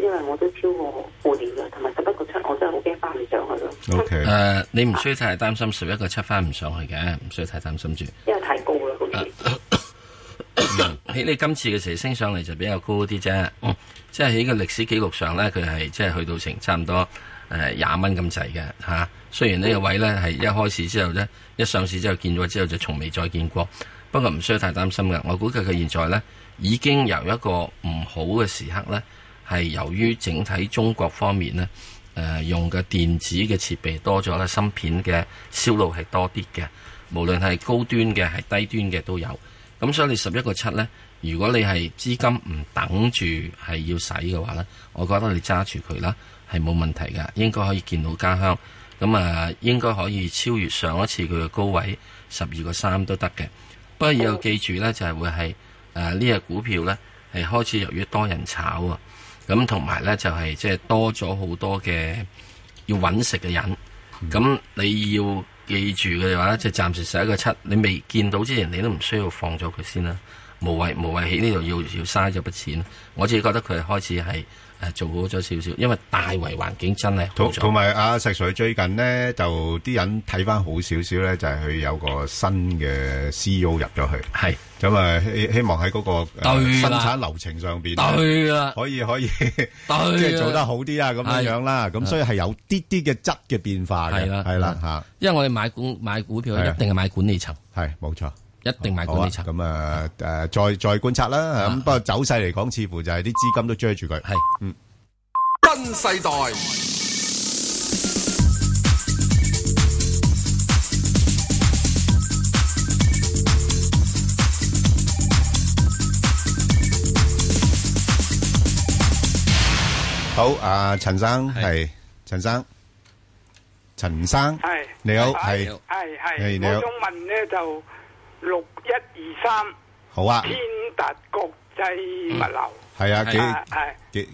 因為我都超過半年嘅，同埋十一個七，我就好驚翻唔上去咯。O K，誒，你唔需要太擔心十一個七翻唔上去嘅，唔需要太擔心住。因為太高啦，好喺你今次嘅時升上嚟就比較高啲啫。嗯，即係喺個歷史記錄上呢，佢係即係去到成差唔多誒廿蚊咁滯嘅嚇。雖然呢個位呢，係一開始之後呢，一上市之後，市之後見咗之後就從未再見過。不過唔需要太擔心嘅，我估計佢現在呢，已經由一個唔好嘅時刻呢。係由於整體中國方面呢，誒、呃、用嘅電子嘅設備多咗咧，芯片嘅銷路係多啲嘅。無論係高端嘅係低端嘅都有。咁所以你十一個七呢，如果你係資金唔等住係要使嘅話呢，我覺得你揸住佢啦，係冇問題噶，應該可以見到家鄉。咁啊，應該可以超越上一次佢嘅高位十二個三都得嘅。不過要記住呢，就係、是、會係誒呢隻股票呢，係開始由於多人炒啊。咁同埋咧就係即係多咗好多嘅要揾食嘅人，咁你要記住嘅話咧，就暫、是、時十一一個七，你未見到之前，你都唔需要放咗佢先啦，無謂無謂喺呢度要要嘥咗筆錢。我自己覺得佢係開始係。誒，做好咗少少，因為大圍環境真係好同，同埋阿石水最近咧，就啲人睇翻好少少咧，就係佢有個新嘅 CEO 入咗去，係咁啊，希希望喺嗰個生產流程上邊對啦，可以可以，即係做得好啲啊，咁樣樣啦，咁所以係有啲啲嘅質嘅變化嘅，係啦，係啦吓，因為我哋買股買股票一定係買管理層，係冇錯。一定買嗰啲差，咁啊誒，再再觀察啦。咁不過走勢嚟講，似乎就係啲資金都追住佢。係，嗯。新世代。好，阿陳生係，陳生，陳生係，你好係，係係你好。我想問呢就。六一二三，好啊！天達國際物流係啊，幾係幾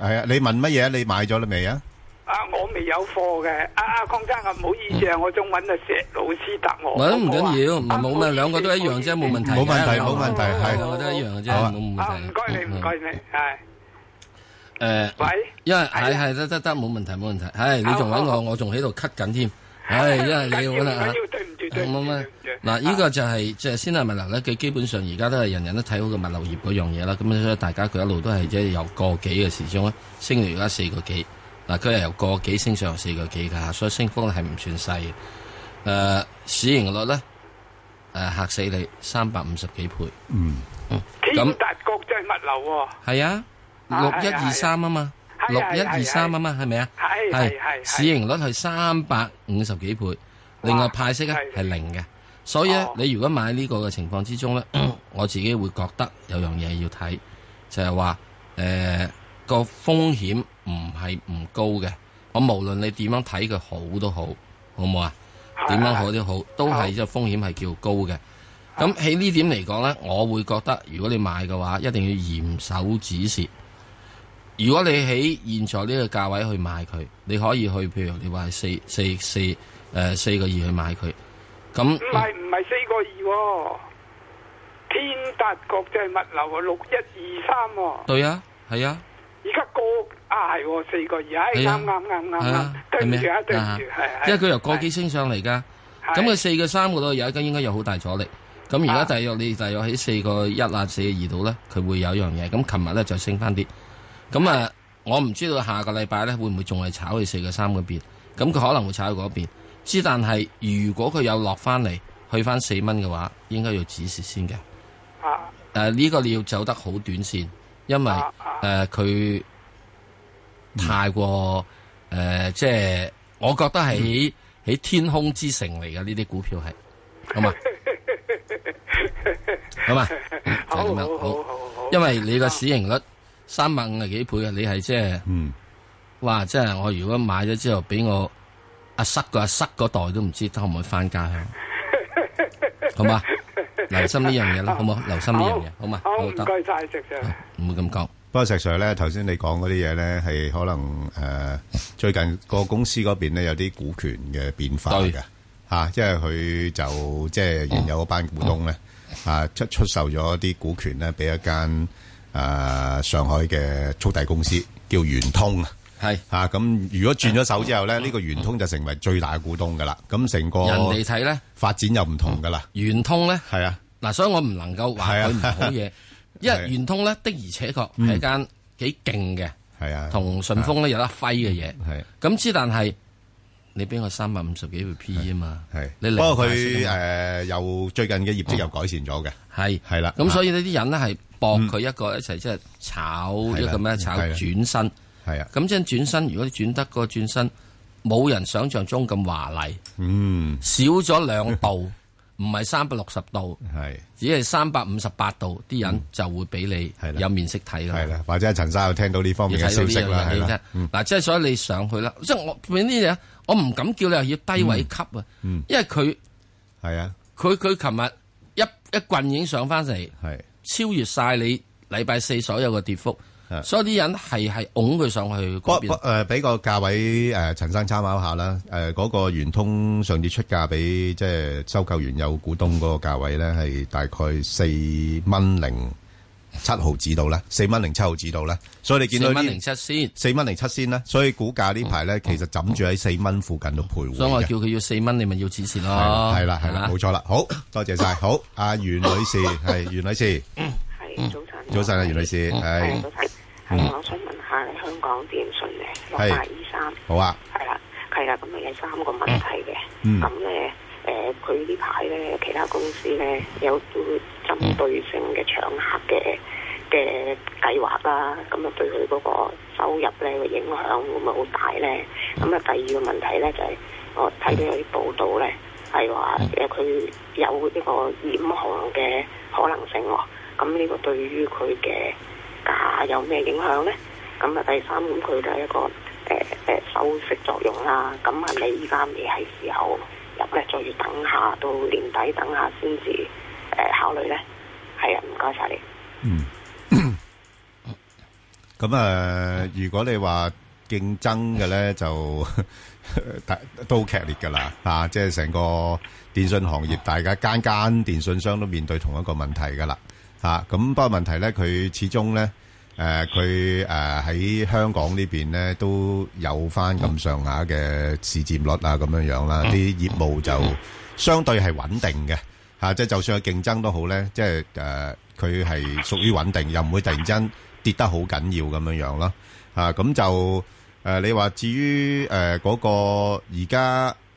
係啊？你問乜嘢？你買咗啦未啊？啊，我未有貨嘅。阿阿鄺生，唔好意思啊，我仲搵阿石老師答我。唔緊要，唔係冇咩，兩個都一樣啫，冇問題，冇問題，冇問題，係，我覺得一樣嘅啫，冇問題。唔該你，唔該你，係。誒，喂，因為係係得得得，冇問題冇問題，係你仲搵我，我仲喺度咳緊添，係因為你要搵啦。冇咩嗱？呢個就係即係先係物流咧。佢基本上而家都係人人都睇好個物流業嗰樣嘢啦。咁所以大家佢一路都係即係由個幾嘅時鐘升到而家四個幾。嗱，佢係由個幾升上四個幾噶，所以升幅係唔算細嘅。誒，市盈率咧誒吓死你三百五十幾倍。嗯，咁天達國際物流係啊，六一二三啊嘛，六一二三啊嘛，係咪啊？係係係市盈率係三百五十幾倍。另外派息咧係零嘅，所以咧、oh. 你如果買呢個嘅情況之中呢我自己會覺得有樣嘢要睇，就係話誒個風險唔係唔高嘅。我無論你點樣睇佢好都好，好唔好啊？點、oh. 樣好都好，都係即係風險係叫高嘅。咁喺呢點嚟講呢我會覺得如果你買嘅話，一定要嚴守止蝕。如果你喺現在呢個價位去買佢，你可以去譬如你話係四四四。誒，四個二去買佢，咁唔係唔係四個二，天達國際物流 6, 1, 2,、哦、啊，六一二三。對啊，係啊。而家高啊，係四個二，啱啱啱啱啱，跟住啊，跟住因為佢由過幾升上嚟噶，咁佢四個三嗰度有一間應該有好大阻力，咁而家大約你大約喺四個一啦，四個二度咧，佢會有一樣嘢，咁琴日咧就升翻啲，咁啊、呃，我唔知道下個禮拜咧會唔會仲係炒去四個三嗰邊，咁佢可能會炒去嗰邊。之，但係如果佢有落翻嚟，去翻四蚊嘅話，應該要止蝕先嘅。誒、啊，呢、呃這個你要走得好短線，因為誒佢太過誒、呃，即係我覺得喺喺天空之城嚟嘅呢啲股票係。好嘛？好嘛、嗯？就咁、是、樣好，好，好好因為你個市盈率三百五啊幾倍啊，你係即係，嗯、哇，即係我如果買咗之後俾我。阿塞個阿塞嗰代都唔知得唔得翻家鄉，好嘛？留心呢樣嘢啦，好冇？留心呢樣嘢，好嘛？好唔該晒，石 Sir。唔會咁講。不過石 Sir 咧，頭先你講嗰啲嘢咧，係可能誒，最近個公司嗰邊咧有啲股權嘅變化嘅吓，因為佢就即係原有嗰班股東咧啊出出售咗啲股權咧俾一間誒上海嘅速遞公司叫圓通啊。係吓，咁，如果轉咗手之後咧，呢個圓通就成為最大嘅股東噶啦。咁成個人哋睇咧發展又唔同噶啦。圓通咧，係啊，嗱，所以我唔能夠話佢唔好嘢，因為圓通咧的而且確係一間幾勁嘅，係啊，同順豐咧有得揮嘅嘢。係咁之，但係你俾我三百五十幾倍 P E 嘛，係。不過佢誒又最近嘅業績又改善咗嘅，係係啦。咁所以呢啲人咧係搏佢一個一齊即係炒一個咩炒轉身。係啊，咁即係轉身。如果你轉得個轉身冇人想象中咁華麗，嗯，少咗兩度，唔係三百六十度，係只係三百五十八度，啲人就會俾你有面色睇啦。係啦，或者陳生有聽到呢方面嘅消息啦。係啦，嗱，即係所以你上去啦。即係我變呢啲嘢，我唔敢叫你又要低位吸啊。因為佢係啊，佢佢琴日一一棍影上翻嚟，係超越晒你禮拜四所有嘅跌幅。所以啲人係係擁佢上去。不不誒，俾個價位誒，陳生參考下啦。誒，嗰個圓通上次出價俾即係收購原有股東嗰個價位咧，係大概四蚊零七毫子度啦，四蚊零七毫子度啦。所以你見到四蚊零七先，四蚊零七先啦。所以股價呢排咧，其實枕住喺四蚊附近度徘徊。所以我叫佢要四蚊，你咪要止線咯。係啦，係啦，冇錯啦。好多謝晒。好，阿袁女士係袁女士。嗯，係早晨。早晨啊，袁女士。係。我想問下你香港電訊咧，六八二三，好啊，係啦，係啦，咁咪有三個問題嘅，咁咧誒，佢呢排咧、呃、其他公司咧有做針對性嘅搶客嘅嘅計劃啦，咁啊對佢嗰個收入咧嘅影響會唔會好大咧？咁啊、嗯、第二個問題咧就係、是、我睇到有啲報道咧係話誒佢有呢個染紅嘅可能性喎，咁呢個對於佢嘅價有咩影響咧？咁啊，第三佢就係一個誒誒，收、呃、息、呃，作用啦。咁係咪依家未係時候入咧？再要等下到年底，等下先至誒考慮咧。係啊，唔該晒你。嗯。咁啊，如果你話競爭嘅咧，就 都劇烈噶啦啊！即係成個電信行業，大家間間電信商都面對同一個問題噶啦。啊，咁不過問題咧，佢始終咧，誒佢誒喺香港呢邊咧都有翻咁上下嘅市佔率啊，咁樣樣啦，啲業務就相對係穩定嘅，吓即係就算係競爭都好咧，即係誒佢係屬於穩定，又唔會突然間跌得好緊要咁樣樣囉。啊，咁就誒你話至於誒嗰個而家。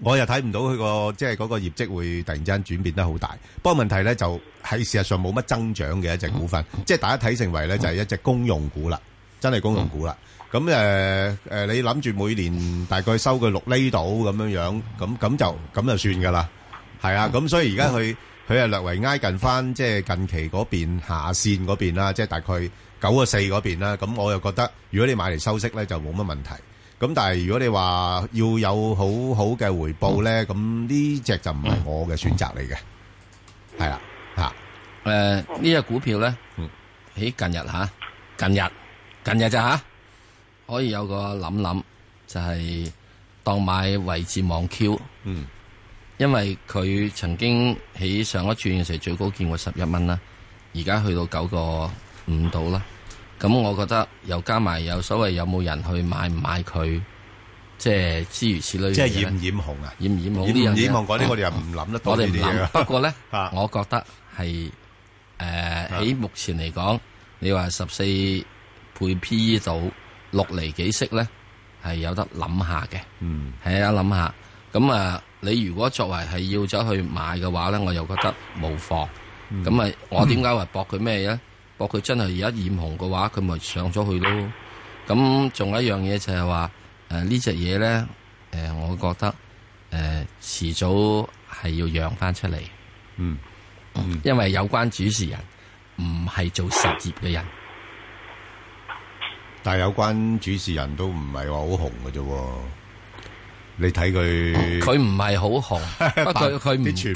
我又睇唔到佢個即係嗰個業績會突然之間轉變得好大，不過問題咧就係事實上冇乜增長嘅一隻股份，即係大家睇成為咧就係一隻公用股啦，真係公用股啦。咁誒誒，你諗住每年大概收佢六厘到咁樣樣，咁咁就咁就算噶啦。係啊，咁所以而家佢佢係略為挨近翻即係近期嗰邊下線嗰邊啦，即係大概九個四嗰邊啦。咁我又覺得如果你買嚟收息咧，就冇乜問題。咁但係如果你話要有好好嘅回報咧，咁呢隻就唔係我嘅選擇嚟嘅，係啦吓，誒呢隻股票咧，喺、嗯、近日吓，近日近日咋？吓、啊、可以有個諗諗，就係、是、當買位置網 Q，、嗯、因為佢曾經喺上一轉嘅時候最高見過十一蚊啦，而家去到九個五度啦。咁，我覺得又加埋有所謂有冇人去買唔買佢，即係諸如此類。即係染唔染紅啊，染唔染紅、啊。染唔染紅嗰啲，我哋又唔諗得多啲嘅，我哋唔諗。 不過咧，我覺得係誒喺目前嚟講，你話十四倍 PE 到六釐幾息咧，係有得諗下嘅。嗯，係啊，諗下。咁啊、呃，你如果作為係要咗去買嘅話咧，我又覺得冇貨。咁啊、嗯，嗯、我點解話博佢咩嘢博佢真係而家染紅嘅話，佢咪上咗去咯？咁仲有一樣嘢就係話，誒、呃這個、呢隻嘢咧，誒、呃、我覺得誒遲、呃、早係要養翻出嚟、嗯。嗯，因為有關主持人唔係做實業嘅人，但係有關主持人都唔係話好紅嘅啫。你睇佢，佢唔係好紅， 不過佢唔介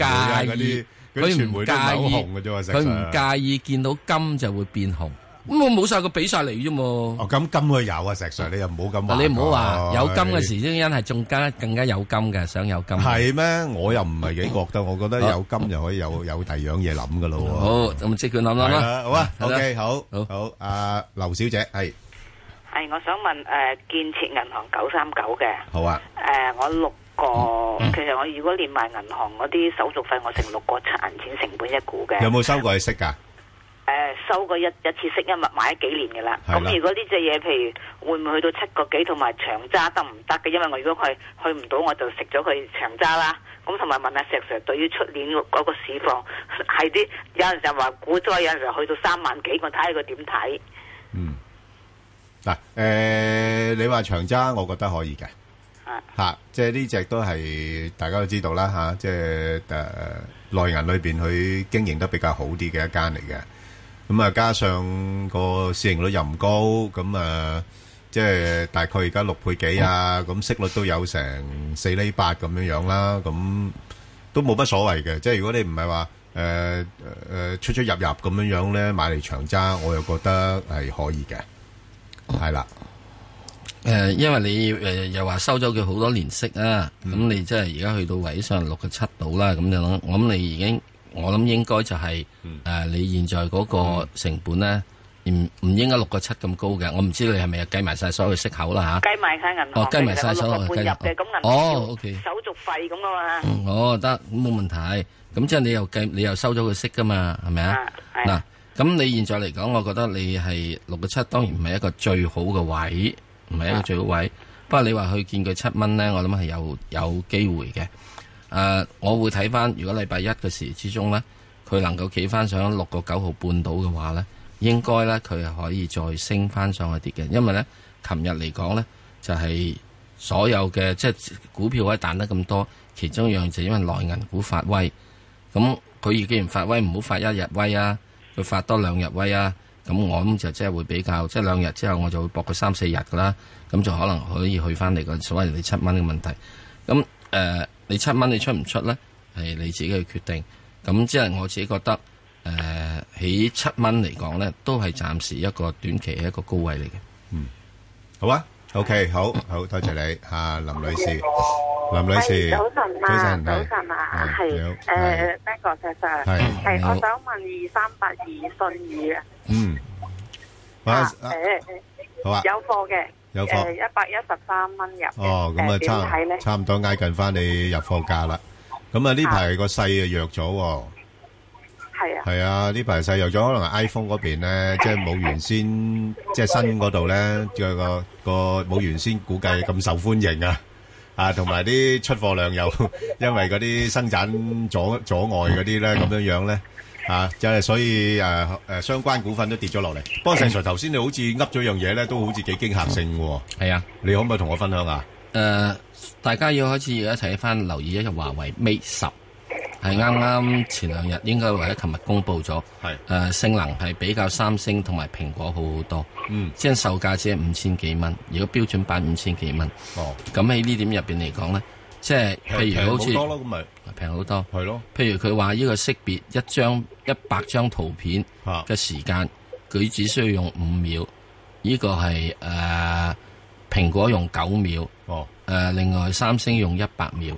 意佢唔介意，佢唔介意見到金就會變紅。咁我冇晒個比晒嚟啫嘛。哦，咁金佢有啊，石 Sir，你又唔好咁。你唔好話有金嘅時因係仲加更加有金嘅想有金。係咩？我又唔係幾覺得，我覺得有金就可以有有第二樣嘢諗噶咯。好，咁即管諗諗啦。好啊，OK，好，好好。阿劉小姐係係，我想問誒，建設銀行九三九嘅好啊。誒，我六。個、嗯嗯、其實我如果連埋銀行嗰啲手續費，我成六個七銀錢成本一股嘅。有冇收過息噶？誒、呃，收過一一次息，一物買咗幾年嘅啦。咁的如果呢隻嘢，譬如會唔會去到七個幾，同埋長揸得唔得嘅？因為我如果佢去唔到，我就食咗佢長揸啦。咁同埋問下石 Sir Sir，對於出年嗰個市況係啲，有人就話股災，有人就去到三萬幾，我睇下佢點睇。嗯，嗱，誒、呃，你話長揸，我覺得可以嘅。吓、啊，即係呢隻都係大家都知道啦吓、啊，即係誒內銀裏邊佢經營得比較好啲嘅一間嚟嘅，咁、嗯、啊加上個市盈率又唔高，咁、嗯、啊、呃、即係大概而家六倍幾啊，咁、嗯、息率都有成四厘八咁樣樣啦，咁、嗯、都冇乜所謂嘅，即係如果你唔係話誒誒出出入入咁樣樣咧買嚟長揸，我又覺得係可以嘅，係啦。誒，因為你誒又話收咗佢好多年息啊，咁你即係而家去到位上六個七度啦，咁就諗我諗你已經我諗應該就係、是、誒、嗯呃，你現在嗰個成本咧唔唔應該六個七咁高嘅。我唔知你係咪計埋晒所有息口啦吓？計埋晒銀，計埋晒六個半入嘅咁，哦，OK，手續費咁啊嘛。哦，我覺得冇問題。咁即係你又計你又收咗佢息噶嘛？係咪啊？嗱，咁你現在嚟講，我覺得你係六個七，當然唔係一個最好嘅位。唔係一個最好位，不過你話去見佢七蚊呢，我諗係有有機會嘅。誒、uh,，我會睇翻，如果禮拜一嘅時之中呢，佢能夠企翻上六個九毫半度嘅話呢，應該呢，佢係可以再升翻上一啲嘅。因為呢，琴日嚟講呢，就係、是、所有嘅即係股票位彈得咁多，其中一樣就因為內銀股發威。咁佢既然發威，唔好發一日威啊，佢發多兩日威啊。咁我咁就即係會比較，即係兩日之後我就會博佢三四日噶啦，咁就可能可以去翻嚟個所謂你七蚊嘅問題。咁誒、呃，你七蚊你出唔出呢？係你自己嘅決定。咁即係我自己覺得，誒、呃，喺七蚊嚟講呢，都係暫時一個短期係一個高位嚟嘅。嗯，好啊。OK，好好，多謝你，阿林女士，林女士，早晨，早晨，早晨啊，係，誒，thank you，謝謝，係，係，我想問二三八二舜宇啊，嗯，啊，誒，好啊，有貨嘅，有貨，一百一十三蚊入，哦，咁啊，差，差唔多挨近翻你入貨價啦，咁啊，呢排個勢啊弱咗。係啊，係啊，呢排細又咗，可能 iPhone 嗰邊咧，即係冇原先即係新嗰度咧，個個冇原先估計咁受歡迎啊，啊，同埋啲出貨量又因為嗰啲生產阻阻礙嗰啲咧咁樣樣咧，啊，即係所以誒誒相關股份都跌咗落嚟。不過成才頭先你好似噏咗樣嘢咧，都好似幾驚嚇性喎。係啊，你可唔可以同我分享下？誒，大家要開始一齊翻留意一下華為 Mate 十。係啱啱前兩日，應該或者琴日公布咗。係誒性能係比較三星同埋蘋果好好多。嗯，即係售價只係五千幾蚊。如果標準版五千幾蚊。哦，咁喺呢點入邊嚟講咧，即係譬如好似咁咪平好多。係咯，譬如佢話呢個識別一張一百張圖片嘅時間，佢只需要用五秒。呢個係誒蘋果用九秒。哦。誒另外三星用一百秒。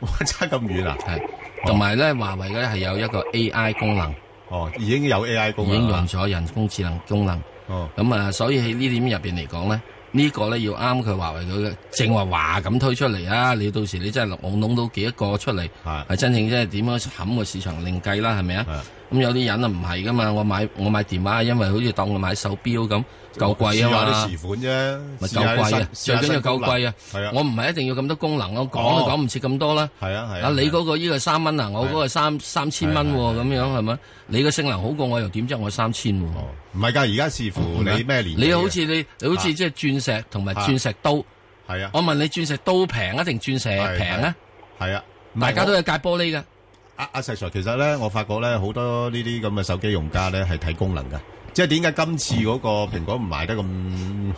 哇！差咁遠啊～係。同埋咧，華為咧係有一個 AI 功能，哦，已經有 AI 功能，已經用咗人工智能功能，哦，咁啊，所以喺呢點入邊嚟講咧。呢個咧要啱佢華為佢嘅，正話話咁推出嚟啊，你到時你真係我攞到幾多個出嚟，係真正即係點樣冚個市場另計啦，係咪啊？咁有啲人啊唔係噶嘛，我買我買電話因為好似當我買手錶咁，夠貴啊嘛，試下啲時款啫，咪夠貴嘅，最緊要夠貴啊。我唔係一定要咁多功能，我講都講唔切咁多啦。係啊係啊，你嗰個呢個三蚊啊，我嗰個三三千蚊咁樣係咪？你個性能好過我又點知我三千喎。唔係㗎，而家視乎你咩年級。你好似你，你好似即係鑽石同埋鑽石刀。係啊，啊啊我問你鑽石刀平啊定鑽石平啊？係啊，大家都係戒玻璃㗎。啊，阿、啊、細 Sir，其實咧，我發覺咧，好多呢啲咁嘅手機用家咧係睇功能㗎。即係點解今次嗰個蘋果唔賣得咁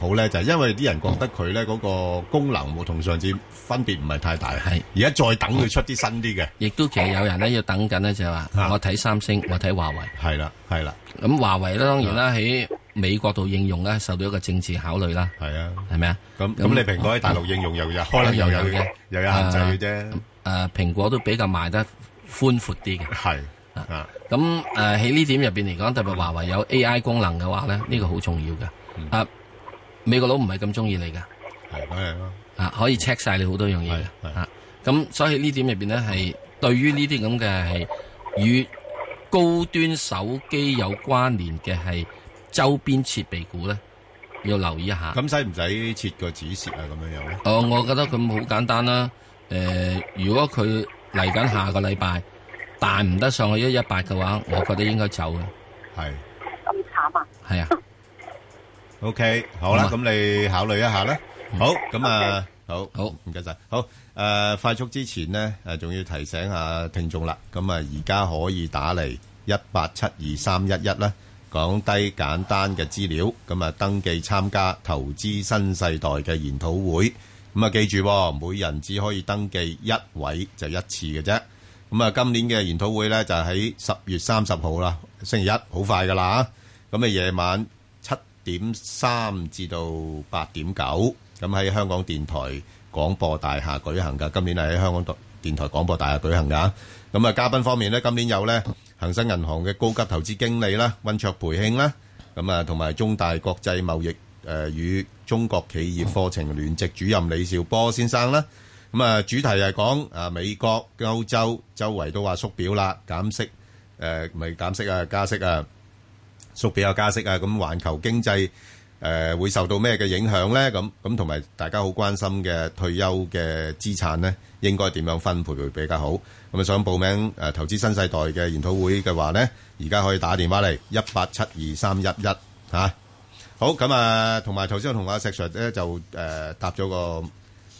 好咧？就係、是、因為啲人覺得佢咧嗰個功能同上次分別唔係太大。係而家再等佢出啲新啲嘅，亦都其實有人咧要等緊咧就係、是、話，我睇三星，我睇華為。係啦，係啦。咁、嗯、華為咧當然啦喺美國度應用咧受到一個政治考慮啦。係啊的，係咪啊？咁咁那你蘋果喺大陸應用又有，可能又有嘅，又有，有，有，有，有，有限制嘅啫。誒、啊啊，蘋果都比較賣得寬闊啲嘅。係。啊咁誒喺呢點入邊嚟講，特別華為有 AI 功能嘅話咧，呢、這個好重要噶。啊，嗯、美國佬唔係咁中意你噶，係咁樣咯。啊，可以 check 晒你好多樣嘢。係係、嗯。咁、啊啊、所以點面呢點入邊咧係對於呢啲咁嘅係與高端手機有關聯嘅係周邊設備股咧，要留意一下。咁使唔使設個止蝕啊？咁樣樣咧？哦，我覺得咁好簡單啦、啊。誒、呃，如果佢嚟緊下個禮拜。但彈唔得上去一一八嘅話，我覺得應該走嘅。係咁慘啊！係啊、okay。OK，好啦，咁你考慮一下啦。好，咁啊，好 Okay. 好，唔該晒。好，誒、呃，快速之前呢，誒，仲要提醒下聽眾啦。咁、嗯、啊，而家可以打嚟一八七二三一一啦，講低簡單嘅資料，咁、嗯、啊，登記參加投資新世代嘅研討會。咁、嗯、啊，記住、哦，每人只可以登記一位，就一次嘅啫。咁啊，今年嘅研討會呢，就喺十月三十號啦，星期一，好快噶啦，咁啊，夜晚七點三至到八點九，咁喺香港電台廣播大廈舉行噶。今年係喺香港電台廣播大廈舉行噶。咁啊，嘉賓方面呢，今年有呢恒生銀行嘅高級投資經理啦，溫卓培興啦，咁啊，同埋中大國際貿易誒、呃、與中國企業課程聯席主任李兆波先生啦。啊咁啊，主題係講啊，美國、歐洲周圍都話縮表啦，減息，誒唔係減息啊，加息啊，縮表啊，加息啊，咁、嗯、環球經濟誒、呃、會受到咩嘅影響咧？咁咁同埋大家好關心嘅退休嘅資產咧，應該點樣分配會比較好？咁、嗯、啊，想報名誒、呃、投資新世代嘅研討會嘅話咧，而家可以打電話嚟一八七二三一一嚇。好咁、嗯、啊，同埋頭先我同阿石 Sir 咧就誒搭咗個誒。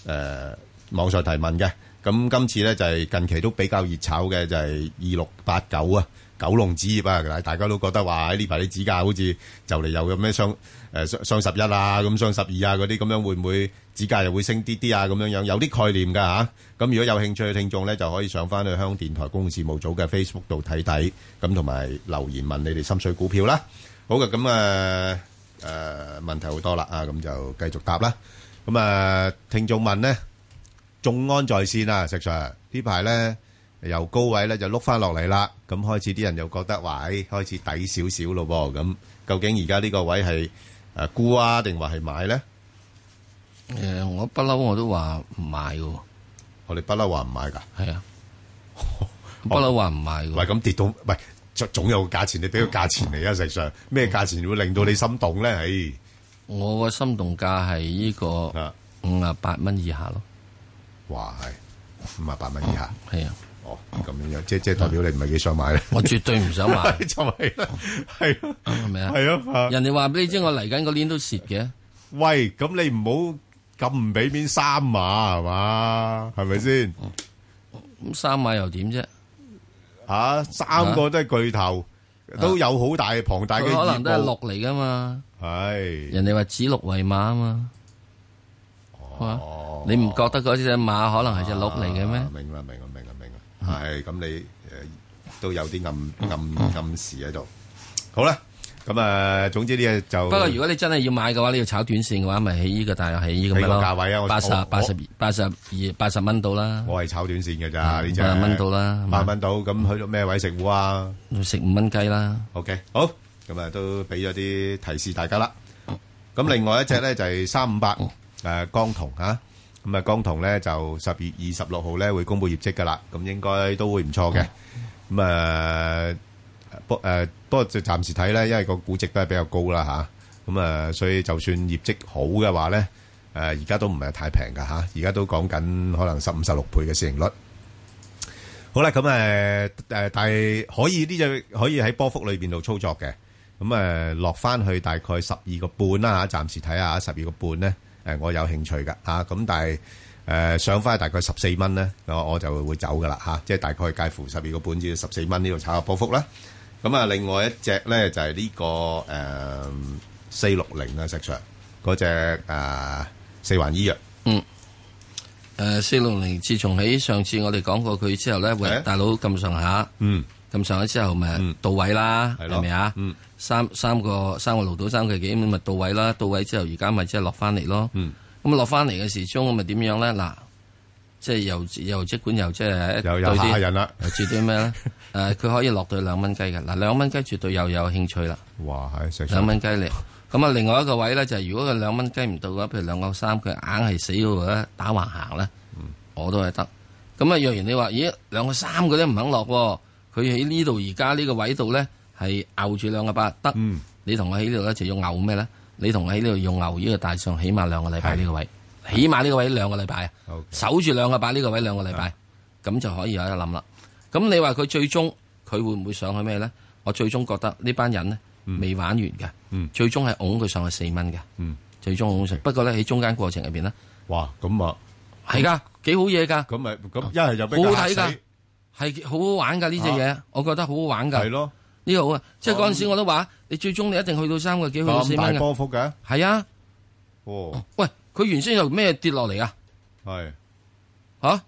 呃網上提問嘅。咁今次咧就係近期都比較熱炒嘅，就係二六八九啊，玖龍紙業啊，大大家都覺得話呢排啲紙價好似就嚟有咩雙誒雙雙十一啊，咁雙十二啊嗰啲咁樣會唔會紙價又會升啲啲啊？咁樣樣有啲概念㗎嚇。咁如果有興趣嘅聽眾咧，就可以上翻去香港電台公共事務組嘅 Facebook 度睇睇，咁同埋留言問你哋心水股票啦。好嘅，咁啊誒問題好多啦啊，咁就繼續答啦。咁啊，聽眾問咧。眾安在綫啊，石 Sir，呢排咧由高位咧就碌翻落嚟啦，咁開始啲人又覺得話，誒，開始抵少少咯。咁、哎嗯、究竟而家呢個位係誒沽啊，定話係買咧？誒、哦，我不嬲我都話唔買嘅。我哋不嬲話唔買噶係啊，不嬲話唔買。喂咁跌到，喂，總有個價錢，你俾個價錢嚟啊，石 Sir，咩價錢會令到你心動咧？誒，我個心動價係呢個五啊八蚊以下咯。話係五啊八蚊以下，係啊，啊哦，咁樣樣，即係即係代表你唔係幾想買咧。啊、 我絕對唔想買， 就係、是、啦，係 咪啊？係啊，啊啊啊人哋話俾你知，我嚟緊嗰年都蝕嘅。喂，咁你唔好咁唔俾面三馬係嘛？係咪先？咁、嗯、三馬又點啫？吓、啊，三個都係巨頭，啊、都有好大龐大嘅。啊、可能都係落嚟噶嘛？係、啊。人哋話指鹿為馬啊嘛。哦，你唔覺得嗰隻馬可能係隻鹿嚟嘅咩？明啦，明啦，明啦，明啦，係咁，你誒都有啲暗暗暗示喺度。好啦，咁啊，總之呢嘢就不過，如果你真係要買嘅話，你要炒短線嘅話，咪喺呢個大喺呢個咯。個價位啊，我八十八十二八十二八十蚊到啦。我係炒短線嘅咋呢隻？蚊到啦，八蚊到。咁去到咩位食糊啊？食五蚊雞啦。OK，好，咁啊都俾咗啲提示大家啦。咁另外一隻咧就係三五八。誒，江銅吓，咁啊，江銅咧就十月二十六號咧會公布業績噶啦，咁應該都會唔錯嘅。咁、嗯、啊、呃，不誒，不過就暫時睇咧，因為個估值都係比較高啦吓。咁啊，所以就算業績好嘅話咧，誒、呃，而家都唔係太平噶吓，而、啊、家都講緊可能十五十六倍嘅市盈率。好啦，咁誒誒，但係可以呢、這、隻、個，可以喺波幅裏邊度操作嘅。咁、嗯、誒、呃，落翻去大概十二個半啦吓，暫時睇下十二個半咧。誒，我有興趣噶嚇，咁、啊、但係誒、呃、上翻大概十四蚊咧，我我就會走噶啦嚇，即係大概介乎十二個半至十四蚊呢度炒下波幅啦。咁啊，另外一隻咧就係、是、呢、這個誒四六零啊，呃、60，石祥嗰隻啊四環醫藥。嗯。誒四六零，60，自從喺上次我哋講過佢之後咧，喂、呃，欸、大佬咁上下。嗯。咁上咗之後咪到位啦，係咪啊？三個三個三個六到三個幾咁咪到位啦，到位之後而家咪即係落翻嚟咯。咁落翻嚟嘅時候咁咪點樣咧？嗱，即係又又即管又即係又有下人啦，絕對咩咧？誒，佢、 啊、可以落到兩蚊雞嘅嗱，兩蚊雞絕對又有興趣啦。哇！係兩蚊雞嚟。咁啊，另外一個位咧就係如果佢兩蚊雞唔到嘅話，譬如兩個三佢硬係死喺度咧打橫行咧，我都係得。咁、嗯、啊，若然你話咦兩個三個都唔肯落喎？佢喺呢度而家呢個位度咧，係拗住兩個八得。你同我喺呢度咧，就要拗咩咧？你同我喺呢度用牛呢個大上，起碼兩個禮拜呢個位，起碼呢個位兩個禮拜啊！守住兩個八呢個位兩個禮拜，咁就可以有得諗啦。咁你話佢最終佢會唔會上去咩咧？我最終覺得呢班人咧未玩完嘅，最終係㧬佢上去四蚊嘅。最終㧬上，不過咧喺中間過程入邊咧，哇！咁啊，係噶幾好嘢噶。咁咪咁一係就俾架死。係好好玩噶呢隻嘢，我覺得好好玩噶。係咯，呢個好啊！即係嗰陣時我都話，你最終你一定去到三個幾去到四蚊嘅。大波幅嘅係啊，哦，喂，佢原先由咩跌落嚟啊？係，吓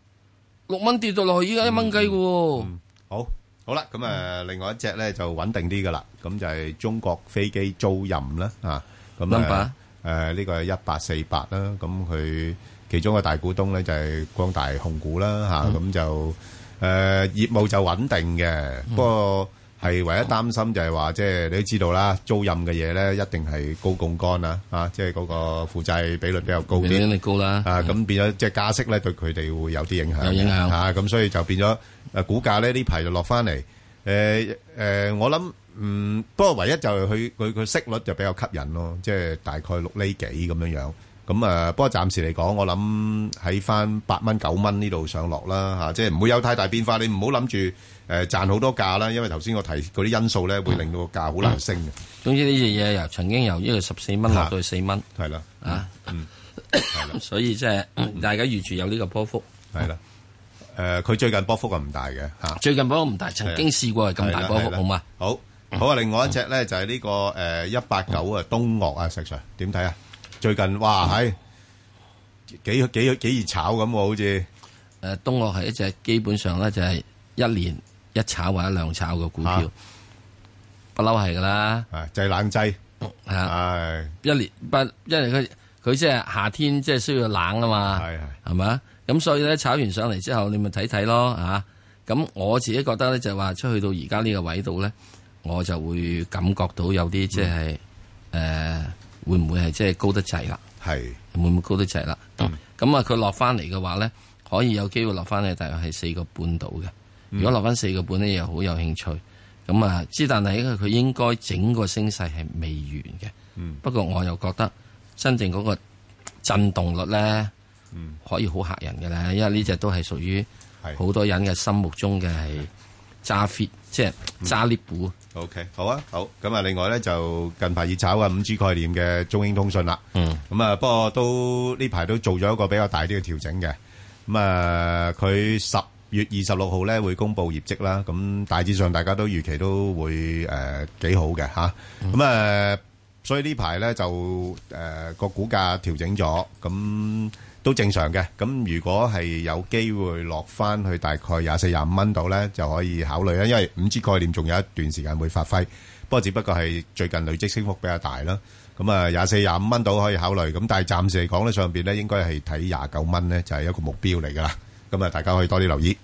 六蚊跌到落去，依家一蚊雞嘅。好，好啦，咁誒，另外一隻咧就穩定啲噶啦，咁就係中國飛機租賃啦，啊，咁誒，誒，呢個係一八四八啦，咁佢其中嘅大股東咧就係光大控股啦，吓咁就。誒業務就穩定嘅，不過係唯一擔心就係話，即係你都知道啦，租賃嘅嘢咧一定係高槓桿啊，嚇！即係嗰個負債比率比較高啲，盈利能力高啦，啊咁變咗即係加息咧對佢哋會有啲影響，有影響嚇，咁所以就變咗誒股價咧呢排就落翻嚟，誒誒我諗嗯，不過唯一就係佢佢佢息率就比較吸引咯，即係大概六釐幾咁樣樣。咁啊，不過暫時嚟講，我諗喺翻八蚊九蚊呢度上落啦，吓，即係唔會有太大變化。你唔好諗住誒賺好多價啦，因為頭先我提嗰啲因素咧，會令到個價好難升嘅。總之呢隻嘢，由曾經由呢個十四蚊落到去四蚊，係啦，啊，嗯，所以即係大家預住有呢個波幅，係啦，誒，佢最近波幅啊唔大嘅，吓，最近波幅唔大，曾經試過係咁大波幅，好嘛？好，好啊！另外一隻咧就係呢個誒一八九啊，東嶽啊，石 Sir 點睇啊？最近哇，係、哎、幾幾幾熱炒咁，好似。誒、呃，東樂係一隻基本上咧就係一年一炒或者兩炒嘅股票，不嬲係㗎啦。係製、啊就是、冷劑、係、啊哎、一年不因為佢佢即係夏天即係需要冷啊嘛。係係係嘛，咁所以咧炒完上嚟之後，你咪睇睇咯啊。咁我自己覺得咧就話出去到而家呢個位度咧，我就會感覺到有啲即係誒。就是呃嗯嗯會唔會係即係高得滯啦？係是會唔會高得滯啦？咁啊，嗯，佢落翻嚟嘅話咧，可以有機會落翻去大約係四個半到嘅。嗯，如果落翻四個半咧，又好有興趣。咁、嗯、啊，之但係佢應該整個升勢係未完嘅。嗯，不過我又覺得真正嗰個震動率咧，嗯，可以好嚇人嘅咧，因為呢隻都係屬於好多人嘅心目中嘅係揸 fit 即係揸 lift 股。嗯 O K，好啊，好，咁啊，另外咧就近排熱炒啊五 G 概念嘅中興通訊啦，嗯，咁啊，不過都呢排都做咗一個比較大啲嘅調整嘅，咁啊，佢十月二十六號咧會公布業績啦，咁大致上大家都預期都會誒幾好嘅嚇，咁啊，所以呢排咧就誒個股價調整咗，咁。都正常嘅，咁如果係有機會落翻去大概廿四廿五蚊度咧，就可以考慮啦。因為五 G 概念仲有一段時間會發揮，不過只不過係最近累積升幅比較大啦。咁啊，廿四廿五蚊度可以考慮，咁但係暫時嚟講咧，上邊咧應該係睇廿九蚊咧就係一個目標嚟㗎喇。咁啊，大家可以多啲留意。